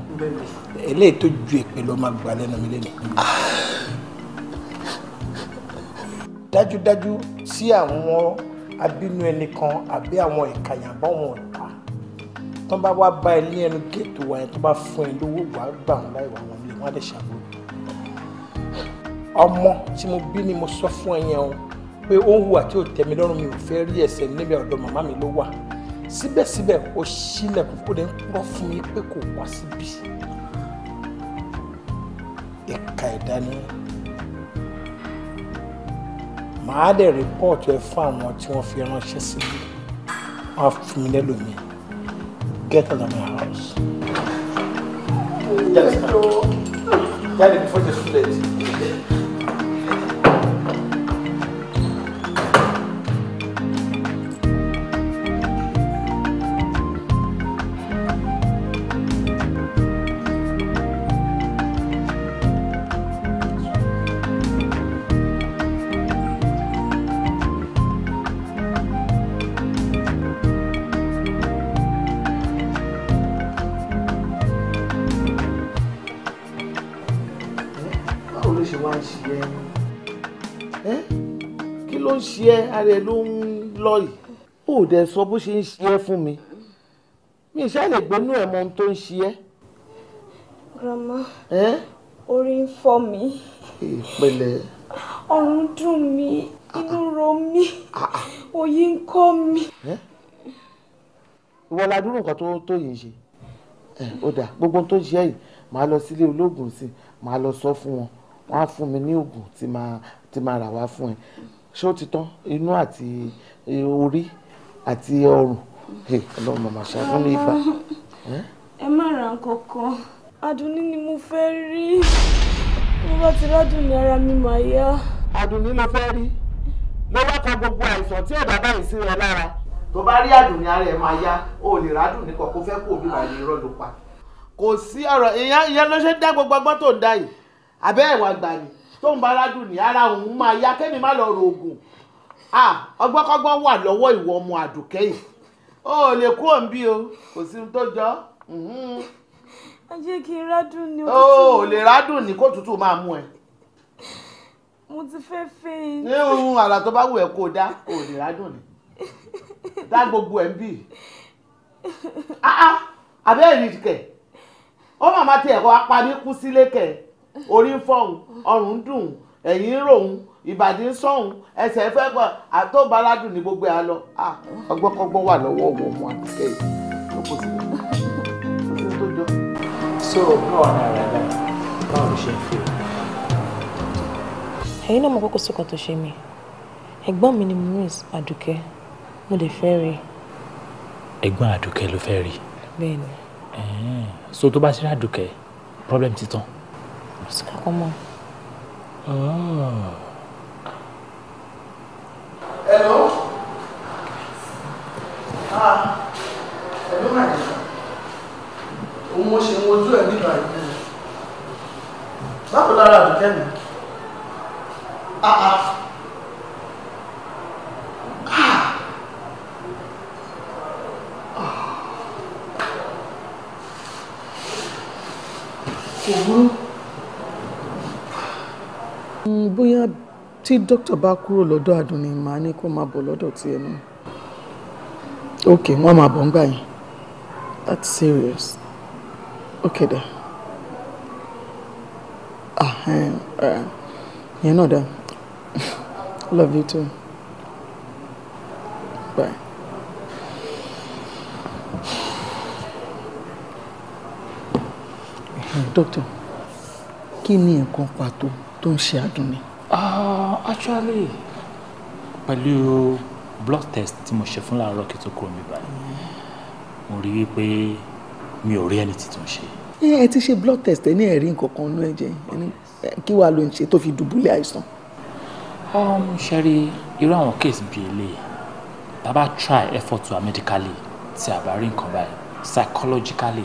eléyìí tó ju èpè lọ máa gbà lẹ́nu mi lẹ́nu. dájúdájú sí àwọn abínú ẹni kan àbí àwọn ìkàyàn báwọn ọ̀tá tó bá wá bá ẹ ní ẹnu géètì wa yẹn tó bá fún ẹ lówó wàá gbà wọn láì wà wọn lè wọn á lè ṣàbò ọmọ tí mo bí ni mo sọ fún ẹyẹ o pé ó ń hùwà tí ò tẹ́ mi lọ́rùn mi ò fẹ́ rí ẹsẹ̀ níbẹ̀ ọ̀dọ̀ màmá mi ló wà síbẹ̀síbẹ̀ ó ṣílẹ̀kùn ó dẹ̀ ń purọ́ fún mi pé kò wá síbí ẹ̀ka ẹ̀dá ni màá dẹ̀ rìpọ́ọ̀tù ẹ fún àwọn tí wọ́n fi ránṣẹ́ síbí wọ́n á fún mi lẹ́lòmíì get out of my house. Jáde before it's too ò dẹ̀ sọ bó ṣe ń ṣe é fún mi mi ṣáà lè gbénú ẹ̀ mọ ohun tó ń ṣe é. grandma orí ń fọ́ mi. ìpẹ̀lẹ́. ọrùn dùn mí inú ro mí òyì ń kọ́ mi. ìwọ la dúró nǹkan tó yìí ṣe ó dà gbogbo ohun tó ṣe yìí màá lọ sílé olóògùn sí màá lọ sọ fún wọn wọn á fún mi ní oògùn tí màá rà wá fún ẹ ṣé ó ti tán inú àti eh, orí àti ọrùn ọlọ́run màmá ṣàánú ní ibà. ẹ má ra nǹkan kan ni mo fẹ́ rí mo bá ti rádùn ní ara mi mà yá. rí mo gbogbo àìsàn tí sí rẹ lára. tó ẹ̀ máa yá o lè rádùn fẹ́ kó pa. kò sí ọ̀rọ̀ ló ṣe tó ń dá yìí àbẹ́ ẹ̀wà gbà tó ń bá rádùn ní ara òun má ọgbọ́kọ́gbọ́n wà lọ́wọ́ ìwọ ọmọ àdùkẹ́ yìí ó lè kú òǹbí o kò sí ohun tó jọ. ẹ jẹ́ kí n rádùn ní òtútù. ó lè rádùn ní kó òtútù máa mú ẹ. mo ti fẹ́ fẹ́ yín. ní ohun àrà tó bá wù ẹ́ kó o dá ó lè rádùn ní. dá gbogbo ẹ̀ ń bì. àbẹ́ẹ̀ ah, ah, ni kẹ̀ ó màmá tiẹ̀ kọ́ apá ní kú sílé kẹ̀ orí ń fọ́ ọrùn ń dùn ẹ̀yìn ń rò ìbàdí ń sọ̀hún ẹsẹ̀ fẹ́ gbọ́ àtọ́baládùn ní gbogbo ẹ̀ lọ agbọ́kọ́gbọ́n wà lọ́wọ́ ọmọ ọmọ àtúkẹ́ yìí ló kò sí ní tó jọ. so náà ní ara rẹ báwo ló ṣe ń fi. ẹ̀yin náà mo kókó sọ́kàn tó ṣe mí ẹ̀gbọ́n mi ni maurice àdùkẹ́ mo lè fẹ́ rí. ẹ̀gbọ́n àdùkẹ́ ló fẹ́ rí. bẹ́ẹ̀ni. so tó bá ṣe àdùkẹ́ problem ti tán. mo sì kàkọ́ mọ́. Hello? Ah, hello my dear. Òun mo ṣe wojú ẹ̀ nígbà yìí. Báwo lára àdúgbò mi? Ah ah. ah ah. Kò burú. Bóyá tí dókítà bá kúrò lọ́dọ̀ àdùnní màá ní kó máa bọ̀ lọ́dọ̀ tiẹ̀ náà ok wọ́n máa bọ̀ ń gbà yín that's serious okay dẹ̀ ah yẹn náà dẹ̀ love you too bye. Doctor, kí ni nǹkan pàtó tó ń ṣe àdùnní? Uh, actually pẹ̀lú blood test tí mo ṣe fún láàárọ̀ kí tó kúrò mi báyìí mo rí i pé mi ò rí ẹni títún ṣe. ẹ ti ṣe blood test ẹ ní ẹ̀rí nǹkan kan nínú ẹ̀jẹ̀ kí wàá ló ń ṣe tó fi dùbúlẹ̀ àìsàn. Um, ṣe rí irú àwọn case bíi eléyìí bàbá try effort to medically tí a bá rí nǹkan báyìí psychologically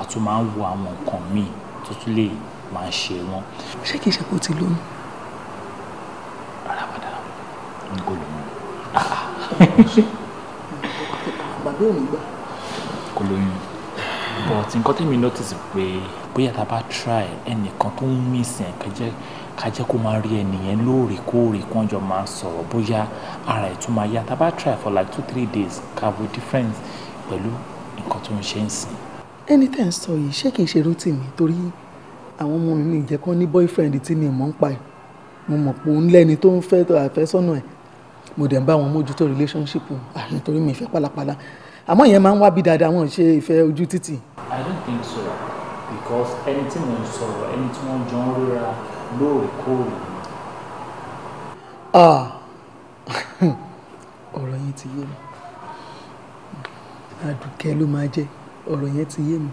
a tún máa ń wo àwọn nǹkan míì tó tún lè máa ṣe wọn. ṣé kìí ṣe kó ti lóyún n kò lè mú but nǹkan tẹ́mi notice pé bóyá tá a bá try ẹnìkan tó ń miss ẹ̀ kẹjẹ́ kájẹ́ kó máa rí ẹnìyẹn lóòrèkóòrè kí wọ́n jọ máa sọ̀rọ̀ bóyá ara ẹ̀ máa yá tá bá try for like two three days ká wo difference pẹ̀lú nǹkan tó ń ṣe ń sìn. ẹni tẹ́ ń sọ yìí ṣé kìí ṣe rotí mi torí àwọn ọmọ mi ní ìjẹ́kọ́ ní boyfriend tí mi mọ̀ ń pa ẹ̀ mo mọ̀ pé òun lẹ́ni tó ń fẹ́ àfẹ́sọ́nà ẹ̀ mo dẹ̀ ń bá wọn mójútó relationship àyè ah, mi ìfẹ́ pálapàla àmọ́ ìyẹn máa ń wá bí dáadáa wọn ṣe ìfẹ́ ojú títì. I don't think so because ẹni tí mo ń sọ̀rọ̀ ẹni tí wọ́n jọ ń ríra lóòrèkóòrè. Ah, [laughs] ọ̀rọ̀ yẹn ti yé mi àdùkẹ́ ló máa jẹ́ ọ̀rọ̀ yẹn ti yé mi.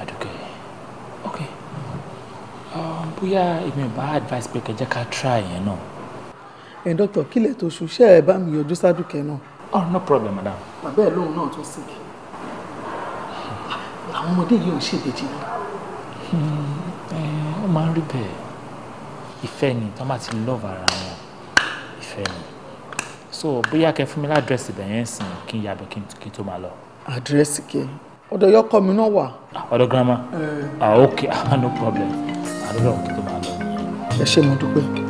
àdùkẹ́ ok um, bóyá èmi ò bá advice pé kẹjẹ ká try yẹn náà ẹ̀ dọ́kítọ̀ kílẹ̀ tó ṣu ṣé ẹ bá mi yọjú sádùkẹ́ náà. oh no problem madam. bàbá ẹ lóun náà tún sick àwọn ọmọdé yìí ò ń ṣèbèjì ni. Hmm, eh, ó máa ń rí bẹ́ẹ̀ ìfẹ́ ni tó máa ti love ara wọn ìfẹ́ ni so bóyá kẹ fún mi ládírẹ́sì bẹ̀yẹn ń sìn kí n yàbẹ̀ kí n tó máa lọ. àdírẹ́sì kẹ ọ̀dọ̀ yọkọ mi náà wà. Ah, ọ̀dọ̀ grandma eh. ah ok [laughs] ah, no problem àdúrà kí n tó máa lọ. ẹ ṣé mo dúpẹ́.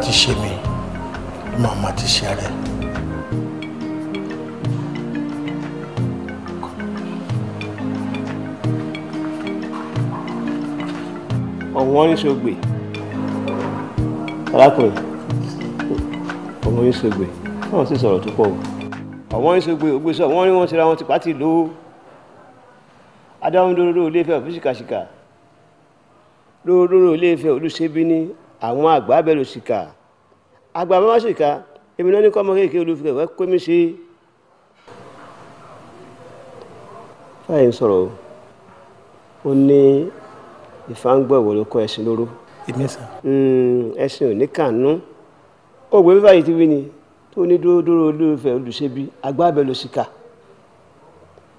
ti ṣe mi máa máa ti ṣe rẹ. ọ̀wọ́n ní sọ́gbè arákùnrin ọmọ yìí sọ́gbè náà sì sọ̀rọ̀ tó pọ̀ o ọ̀wọ́n ní sọ́gbè ògbé sọ wọ́n ní wọ́n ṣera wọn ti pàtì lò ó adáwọn dòdòdò ilé Ifẹ̀ òfin dòdòdò ilé Ifẹ̀ olùṣèbí àwọn àgbà bẹ̀rù síkà àgbà bá má síkà èmi náà ní kọ́ ọmọ kéèké olùfikẹ́ wẹ́ pé mi ṣe fáyé ń sọ̀rọ̀ ó ní ìfáǹgbọ̀ ìwọ̀ ló kọ́ ẹ̀sìn lóró hmm, ẹ̀sìn ò ní kànú ògbé bí fáyé ti wí ni tó ní dúró dúró olùfẹ́ olùṣebí àgbà bẹ̀rù síkà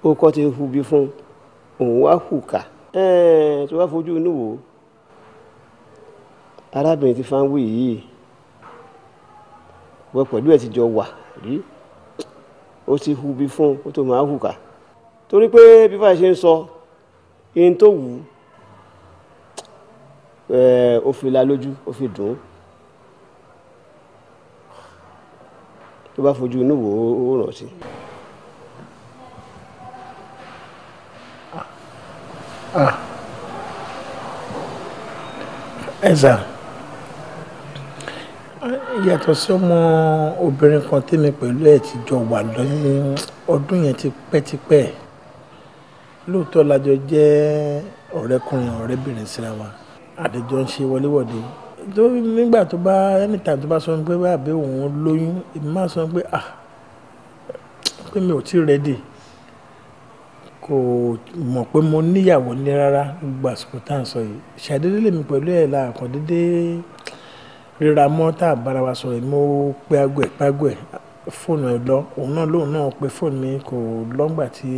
ó kọ́ ti hu bí fún òun wá hù ká tó wá fojú inú wò ó arábìnrin tí fáwọn wì yìí wọ́n pẹ̀lú ẹ̀ ti jọ wà rí ó ti hu bí fún ó tó máa hù ká torí pé bí fáwọn ṣe ń sọ ihun tó wù ẹ̀ eh, ó fi la lójú ó fi dùn tó bá fojú inú wò ó ràn sí. Ah. Exact. Ah yàtọ̀ sí ọmọ obìnrin kan tèmi pẹ̀lú ẹ̀ ti jọ wà lọ́yìn ọdún yẹn ti pẹ́tipẹ́ lóòótọ́ lájọ jẹ́ ọ̀rẹ́kùnrin ọ̀rẹ́bìnrin síra wa àdéjọ ń ṣe wọléwọ̀de nígbà tó bá anytime tó bá sọ pé àbí òun lóyún èmi máa sọ pé ah pé mi ò tí rẹ́dì kò mọ̀ pé mo níyàwó ní rárá gbogbo àsìkò tá à ń sọ yìí ṣàdédé lèmi pẹ̀lú ẹ̀ la àkàndédé ríra mọ́ tá a bára wa sọ̀rọ̀ mo pe aago ẹ̀ paago ẹ̀ fóònù ẹ̀ lọ òun náà lóun náà pe fóònù mi kò lọ́ngbà tí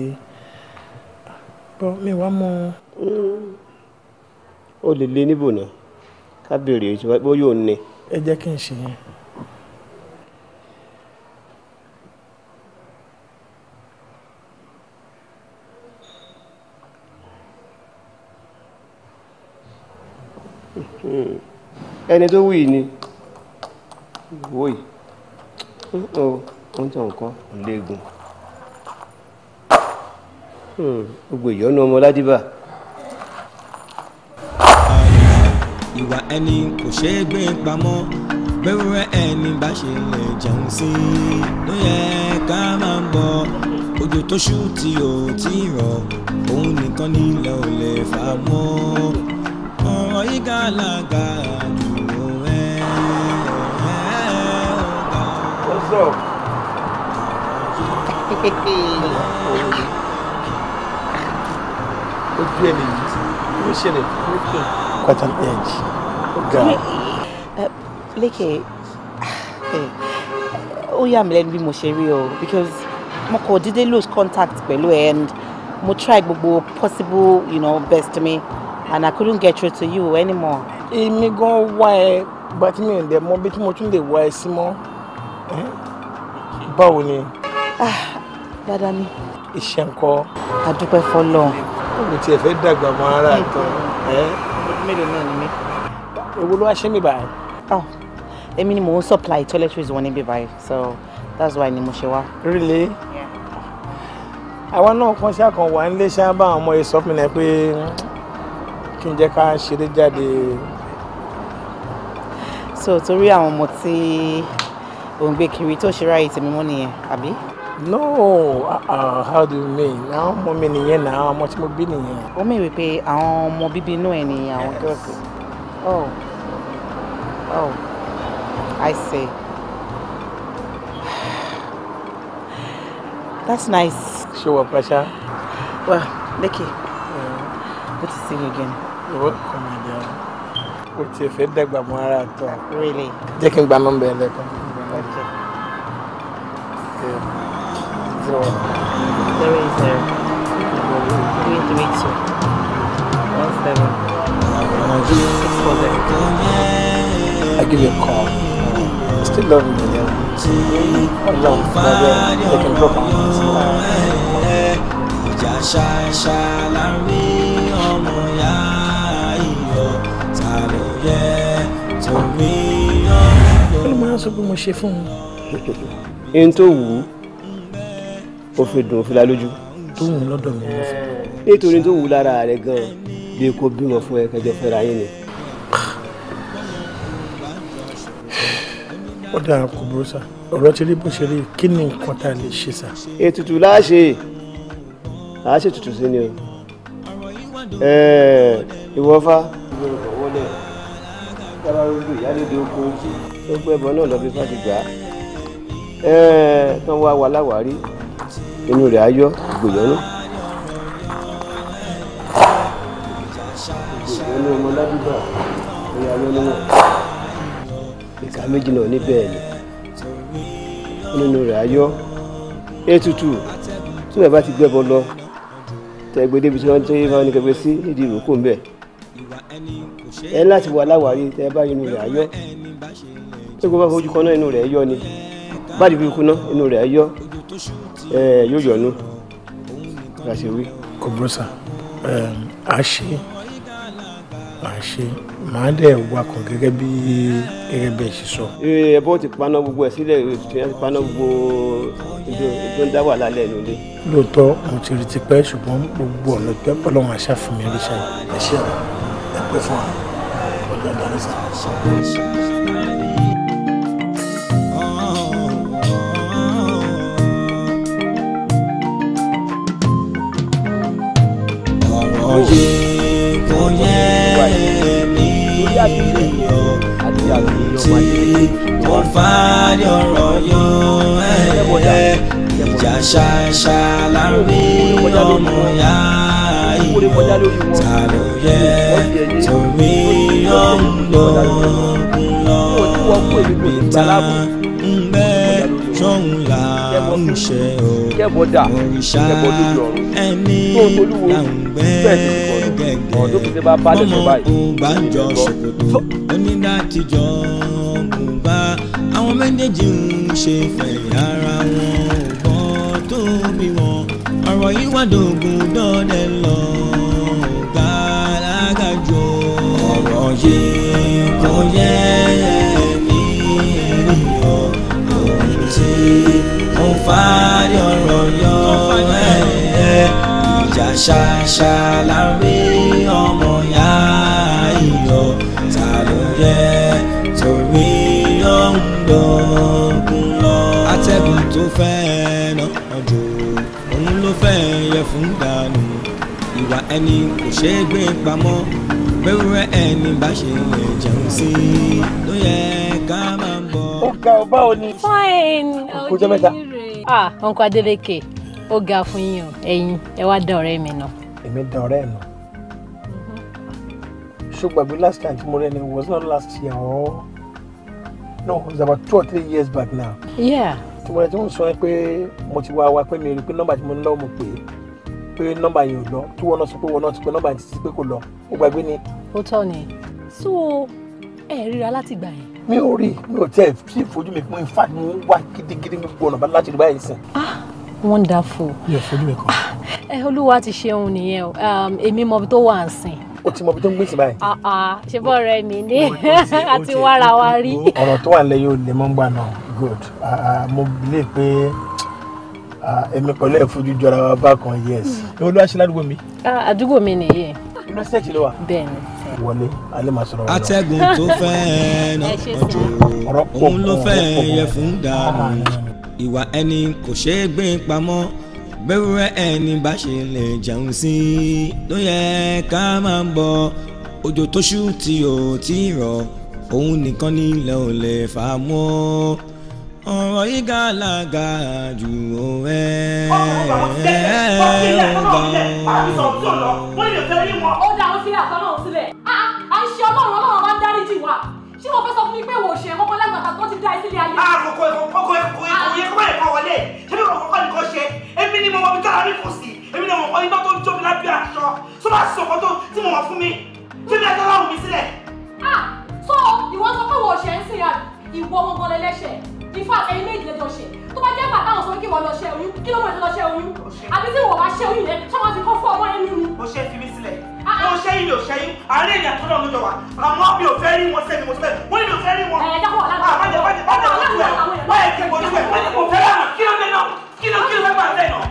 mi wá mọ́. o lè lé níbò náà ká béèrè ìṣèwádìí bó yóò ní. ẹ jẹ́ kí n ṣe yẹn. Mm-hmm ẹni tó wù yìí ni wò yìí ó ń tàn kọ́ ọ̀lẹ́gùn gbogbo ìyọ́nú ọmọ ládìbà. ìwà ẹni kò ṣeé gbé pamọ́ gbẹ́wúrẹ́ ẹni bá ṣe lè jẹun sí i ló yẹ ká máa ń bọ̀ ojú tó ṣú tí ò tí rọ̀ òun nìkan nílẹ̀ ò lè fà mọ́ ọ̀rọ̀ yìí gàlagà sọ. ojú ẹ lè yí quite an edge. Girl. ga. oh eh, yeah, yà mí lẹ́nu bí mo because Moko, did they lose contact below? and mo try gbogbo possible you know, best me. and I couldn't get through to you anymore. èmi gan go why, but me and dẹ̀ mọ bí tí mo tún lè wá báwo ni. Ah, dada mi. iṣẹ́ ńkọ́. àdúpẹ́ fọlọ́run. mo tiẹ̀ fẹ́ dàgbà mọ́ ara ìtàn. mélòó náà ni mí. owó ló wá ṣe mí báyìí. Oh, èmi ni mò ń supply toiletries wọn níbí báyìí so that's why ni mo ṣe wá. really àwa náà kan ṣáà kan wà nílé ṣáà bá àwọn ọmọ yìí sọ fún mi pé kí n jẹ́ ká ṣeré jáde. so torí àwọn ọmọ tí ò ń gbé kiri tó ṣe ráyè tèmi mọ́ nìyẹn àbí. no uh, how do you mean àwọn ọmọ mi nìyẹn náà àwọn ọmọ tí mo bí nìyẹn. ó mì wípé àwọn ọmọ bíbí inú ẹ ni àwọn gírọ̀kì. oh oh i see [sighs] that's nice. ṣé wọ pàṣá. well Becky yeah. good to see you again. you're welcome my dear. o tiẹ̀ fẹ́ dàgbà ara tán. really. jẹ́ kí n gba nọ́mbà ẹ lẹ́kọ̀ọ́. Right there. Good. Zero. There is there. You need to meet you. One seven. Six four there. I give you a call. I still love you, Miguel. I love you. They can drop on. Uh, sọ pé mo ṣe fún un. n tó wù ú òfin dùn òfin lálójú. tó wù ú lọ́dọ̀ mi lọ́fọ̀. nítorí tó wù ú lára rẹ̀ gan-an bí kò bímọ fún ẹ kẹjọ fẹ́ra yín ni. ó dára kò burú sá ọ̀rọ̀ tí lè bó ṣe rí kí ni nǹkan tá a lè ṣe sá. ètùtù láṣẹ àṣẹ tutù sí ni o ìwọ́fà. ìwọ́fà wọlé yàrá olùyàlódé oko ló gbé ẹbọ náà lọ bí fáti gbà ẹ kán wá wa láwárí inú rẹ̀ á yọ ìgbòyànú. ìgbòyànú ọmọ ládùúgbà ìyá ló níwọ̀n ìka méjì náà ní bẹ́ẹ̀ ni nínú rẹ̀ á yọ ètùtù tí bàbá ti gbẹ́bọ lọ tẹ̀gbẹ́ débi tí wọ́n ń tẹ́yẹ́ fáwọn oníkẹ́gbẹ́ sí nídìí ìrókò ń bẹ̀ ẹ láti wà láwárí tẹ bá inú rẹ̀ ayọ̀ tí kò bá fojú kan náà inú rẹ̀ yọ ni bá dìbò ikú inú rẹ̀ yọ yóò yọnu gàṣẹ wí. kò burú sà ṣe á ṣe màá dẹ̀ wakọ̀ gẹ́gẹ́ bí gẹ́gẹ́ bí ẹ ṣe sọ. ẹbọ ti paná gbogbo ẹ sílẹ̀ ti paná gbogbo ìjọ ń dá wà lálẹ́ ẹnu ilé. lóòótọ́ mo ti rí tipẹ́ ṣùgbọ́n gbogbo ọ̀nà ìgbẹ́ pẹ̀lú àṣà fún mi rí ṣáà. ẹ ṣe ẹ pẹ fún wa ọjọ́ ìdánisà. tí kò fàdí ọ̀rọ̀ yọ ẹ̀ ìjà ṣàṣà láàrin ọmọ ya ìwọ ta ló yẹ torí ọ̀gbọ̀n lọ ìta ń bẹ sọ́hun là ń ṣe òrìṣà ẹni là ń gbẹ́ gẹ́gẹ́ ọmọ ògbàjọ ṣòkòtò àtijọ́ bùbá àwọn méjèèjì ń ṣe fẹ́ ara wọn ọgbọ́n tó bí wọn ọ̀rọ̀ yìí wà dògùn dọ́dẹ lọ gbàlágàjò ọ̀rọ̀ yìí kò yẹ ẹ̀mí ènìyàn òun tí ó fàárí ọ̀rọ̀ yọ ẹ̀ ìjà ṣàṣà láwé. tó fẹ́ náà jò òun ló fẹ́ yẹ fún dànù ìwà ẹni kò ṣeé gbé pamọ́ wẹ́wẹ́ ẹni bá ṣe lè jẹun sí i ló yẹ ká máa ń bọ̀. ó ga ọ báwo ni. fine ọjọ́ mẹ́ta. ah ọkọ Adeleke ó ga fún yíyan ẹ̀yin ẹ wá dán ọ̀rẹ́ mi nà. èmi dán ọ̀rẹ́ mi ṣó last time tí mo rẹ ni was not last year or no it was about two or three years back now. yeah tí mo rẹ tí mo sọ pé mo ti wá wa pé mi rí pé nọ́mbà tí mo ní lọ́wọ́ mo pè é pé nọ́mbà yìí ò lọ tí wọn náà sọ pé wọn náà ti pé nọ́mbà yìí ti pé kò lọ ó gbàgbé ni. ó tọ́ ni so ẹ ríra láti gbà yẹn. mi ò rí mi ò tẹ́ ẹ̀ fi fojú mi fún ifá mi wá gidigidi mi gbọ́n ọ̀nà láti rí báyìí sìn. ah wonderful. mi ò fojú mi kàn. Ah, ẹ olúwa ti ṣeun nìyẹn o um, èmi mọ tó wà ń sìn o ti mọ ibi tó ń gbèsè báyìí. Ah, ah, ṣe bọ́ ọ̀rẹ́ mi ní àti [laughs] wàrà wa rí. ọ̀rọ̀ tó wà lẹ́yìn ò lè mọ́ gbà náà good ah, mo lè pé èmi pẹ̀lú ẹ̀ fojú jọra wa bákan yes. ìwọ ló wá ṣe ládùúgbò mi. àdúgbò mi nìyí. yunifásitì ló wà. bẹ́ẹ̀ni. wọlé alẹ́ máa sọ̀rọ̀ wọn. atẹ́gùn tó fẹ́ na [laughs] ọjọ́ òun ló fẹ́ yẹ fún dànù ìwà ẹni kò ṣeé gbé pamọ́ bẹ́wẹ́ ẹni bá ṣe lè jẹun sí i ló yẹ ká máa bọ òjò tó ṣú tí ò tí ì rọ̀ òun nìkan nílẹ̀ ò lè fà mọ́ ọ̀rọ̀ yìí gàlagà jù ó ẹ́ ẹ́ ọ̀gá ṣé wọn fẹ́ sọ fún mi pé wò ó ṣe ẹ̀kọ́ kọ́ lágbàtà tó ti dá ìsílẹ̀ ayé. àkókò ẹ̀kọ́ kókó ẹ̀kọ́ ẹ̀kọ́ yẹ wọlé ṣé bí kọ̀ọ̀kan kọ́ ṣe èmi ni mo mọ ibi tí ara mi kù sí èmi ni mo mọ iná tó ń jóbi lábẹ́ aṣọ tó bá sọ̀kọ́ tó tí mo mọ̀ fún mi tí mi ẹ̀tọ́ láwùn mi sílẹ̀. ah so ìwọ sọ pé wo ṣe ń sìn ìwọ gbọngàn lẹlẹṣẹ ìfọ àtẹyìn méjì tó bá jẹ́ bàtà ọ̀sán kí wọ́n lọ ṣẹ́ oyún kí ló mọ̀ ní lọ ṣẹ́ oyún àbí tí wọ́n bá ṣẹ́ oyún yẹn tí wọ́n ti kọ́ fún ọmọ yẹn nínú. mo ṣe fi mí sílẹ̀ mo ṣe yín mi ṣe yín àárẹ̀ ìyá tó náà jọ wá àmọ́ mi ò fẹ́ rí wọn sẹ́ni mo ti bẹ̀rẹ̀ wọ́n ní mi ò fẹ́ rí wọn. ẹ̀ẹ́dẹ́gbọ̀n ọ̀la ló ń bọ̀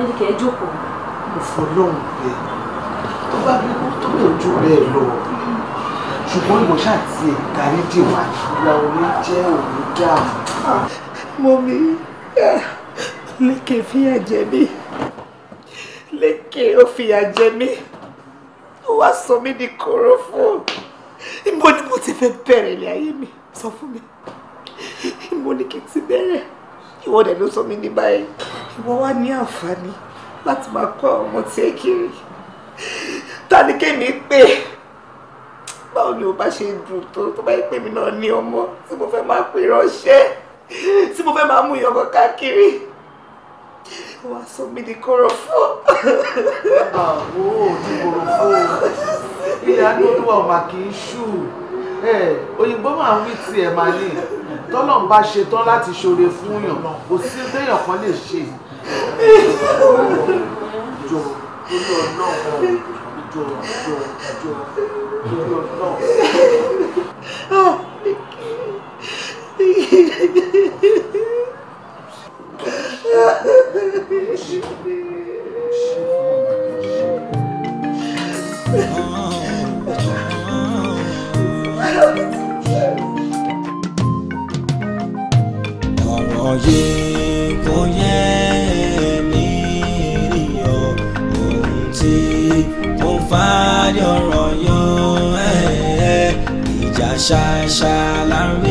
Adélékè ẹ jókòó. mo fọ lóhùn bẹ́ẹ̀ tó bá bí kò tó lè jó bẹ́ẹ̀ lọ ṣùgbọ́n ìwọ ṣáàtì ẹ̀ dárídì wá ìyàwó mi jẹ́ òun dáàmú. mo mi lékè fìyà jẹ mí lékè ó fìyà jẹ mí ó wá sọ mí di kóró fún ìmọ̀ ni mo ti fẹ́ bẹ̀rẹ̀ ilé ayé mi sọ fún mi ìmọ̀ ni kì í ti bẹ̀rẹ̀ ìwọ́dẹ̀ ló sọ mí ní báyìí ìwọ wá ní àǹfààní láti máa kọ́ ọmọ tí ẹ kiri ta ni kémi pé báwo ni o bá ṣe dùn tó tó bá yẹ pé mi náà ní ọmọ tí mo fẹ́ máa pè ránṣẹ́ tí mo fẹ́ máa mú ìyọkọ káàkiri wàá sọ mí di kọrọfọ. àwo ti kọrọfọ ìdáná olúwa ọmọ kì í ṣù òyìnbó máa ń wí tiẹ̀ máa ní tọ́lọ́mù bá ṣetán láti ṣoore fún yàn kò sí téèyàn kan lè ṣe ọ̀rọ̀ yìí kò yẹ. fàárí ọ̀rọ̀ yọ eh, eh, ìjà ṣàṣà láàrin.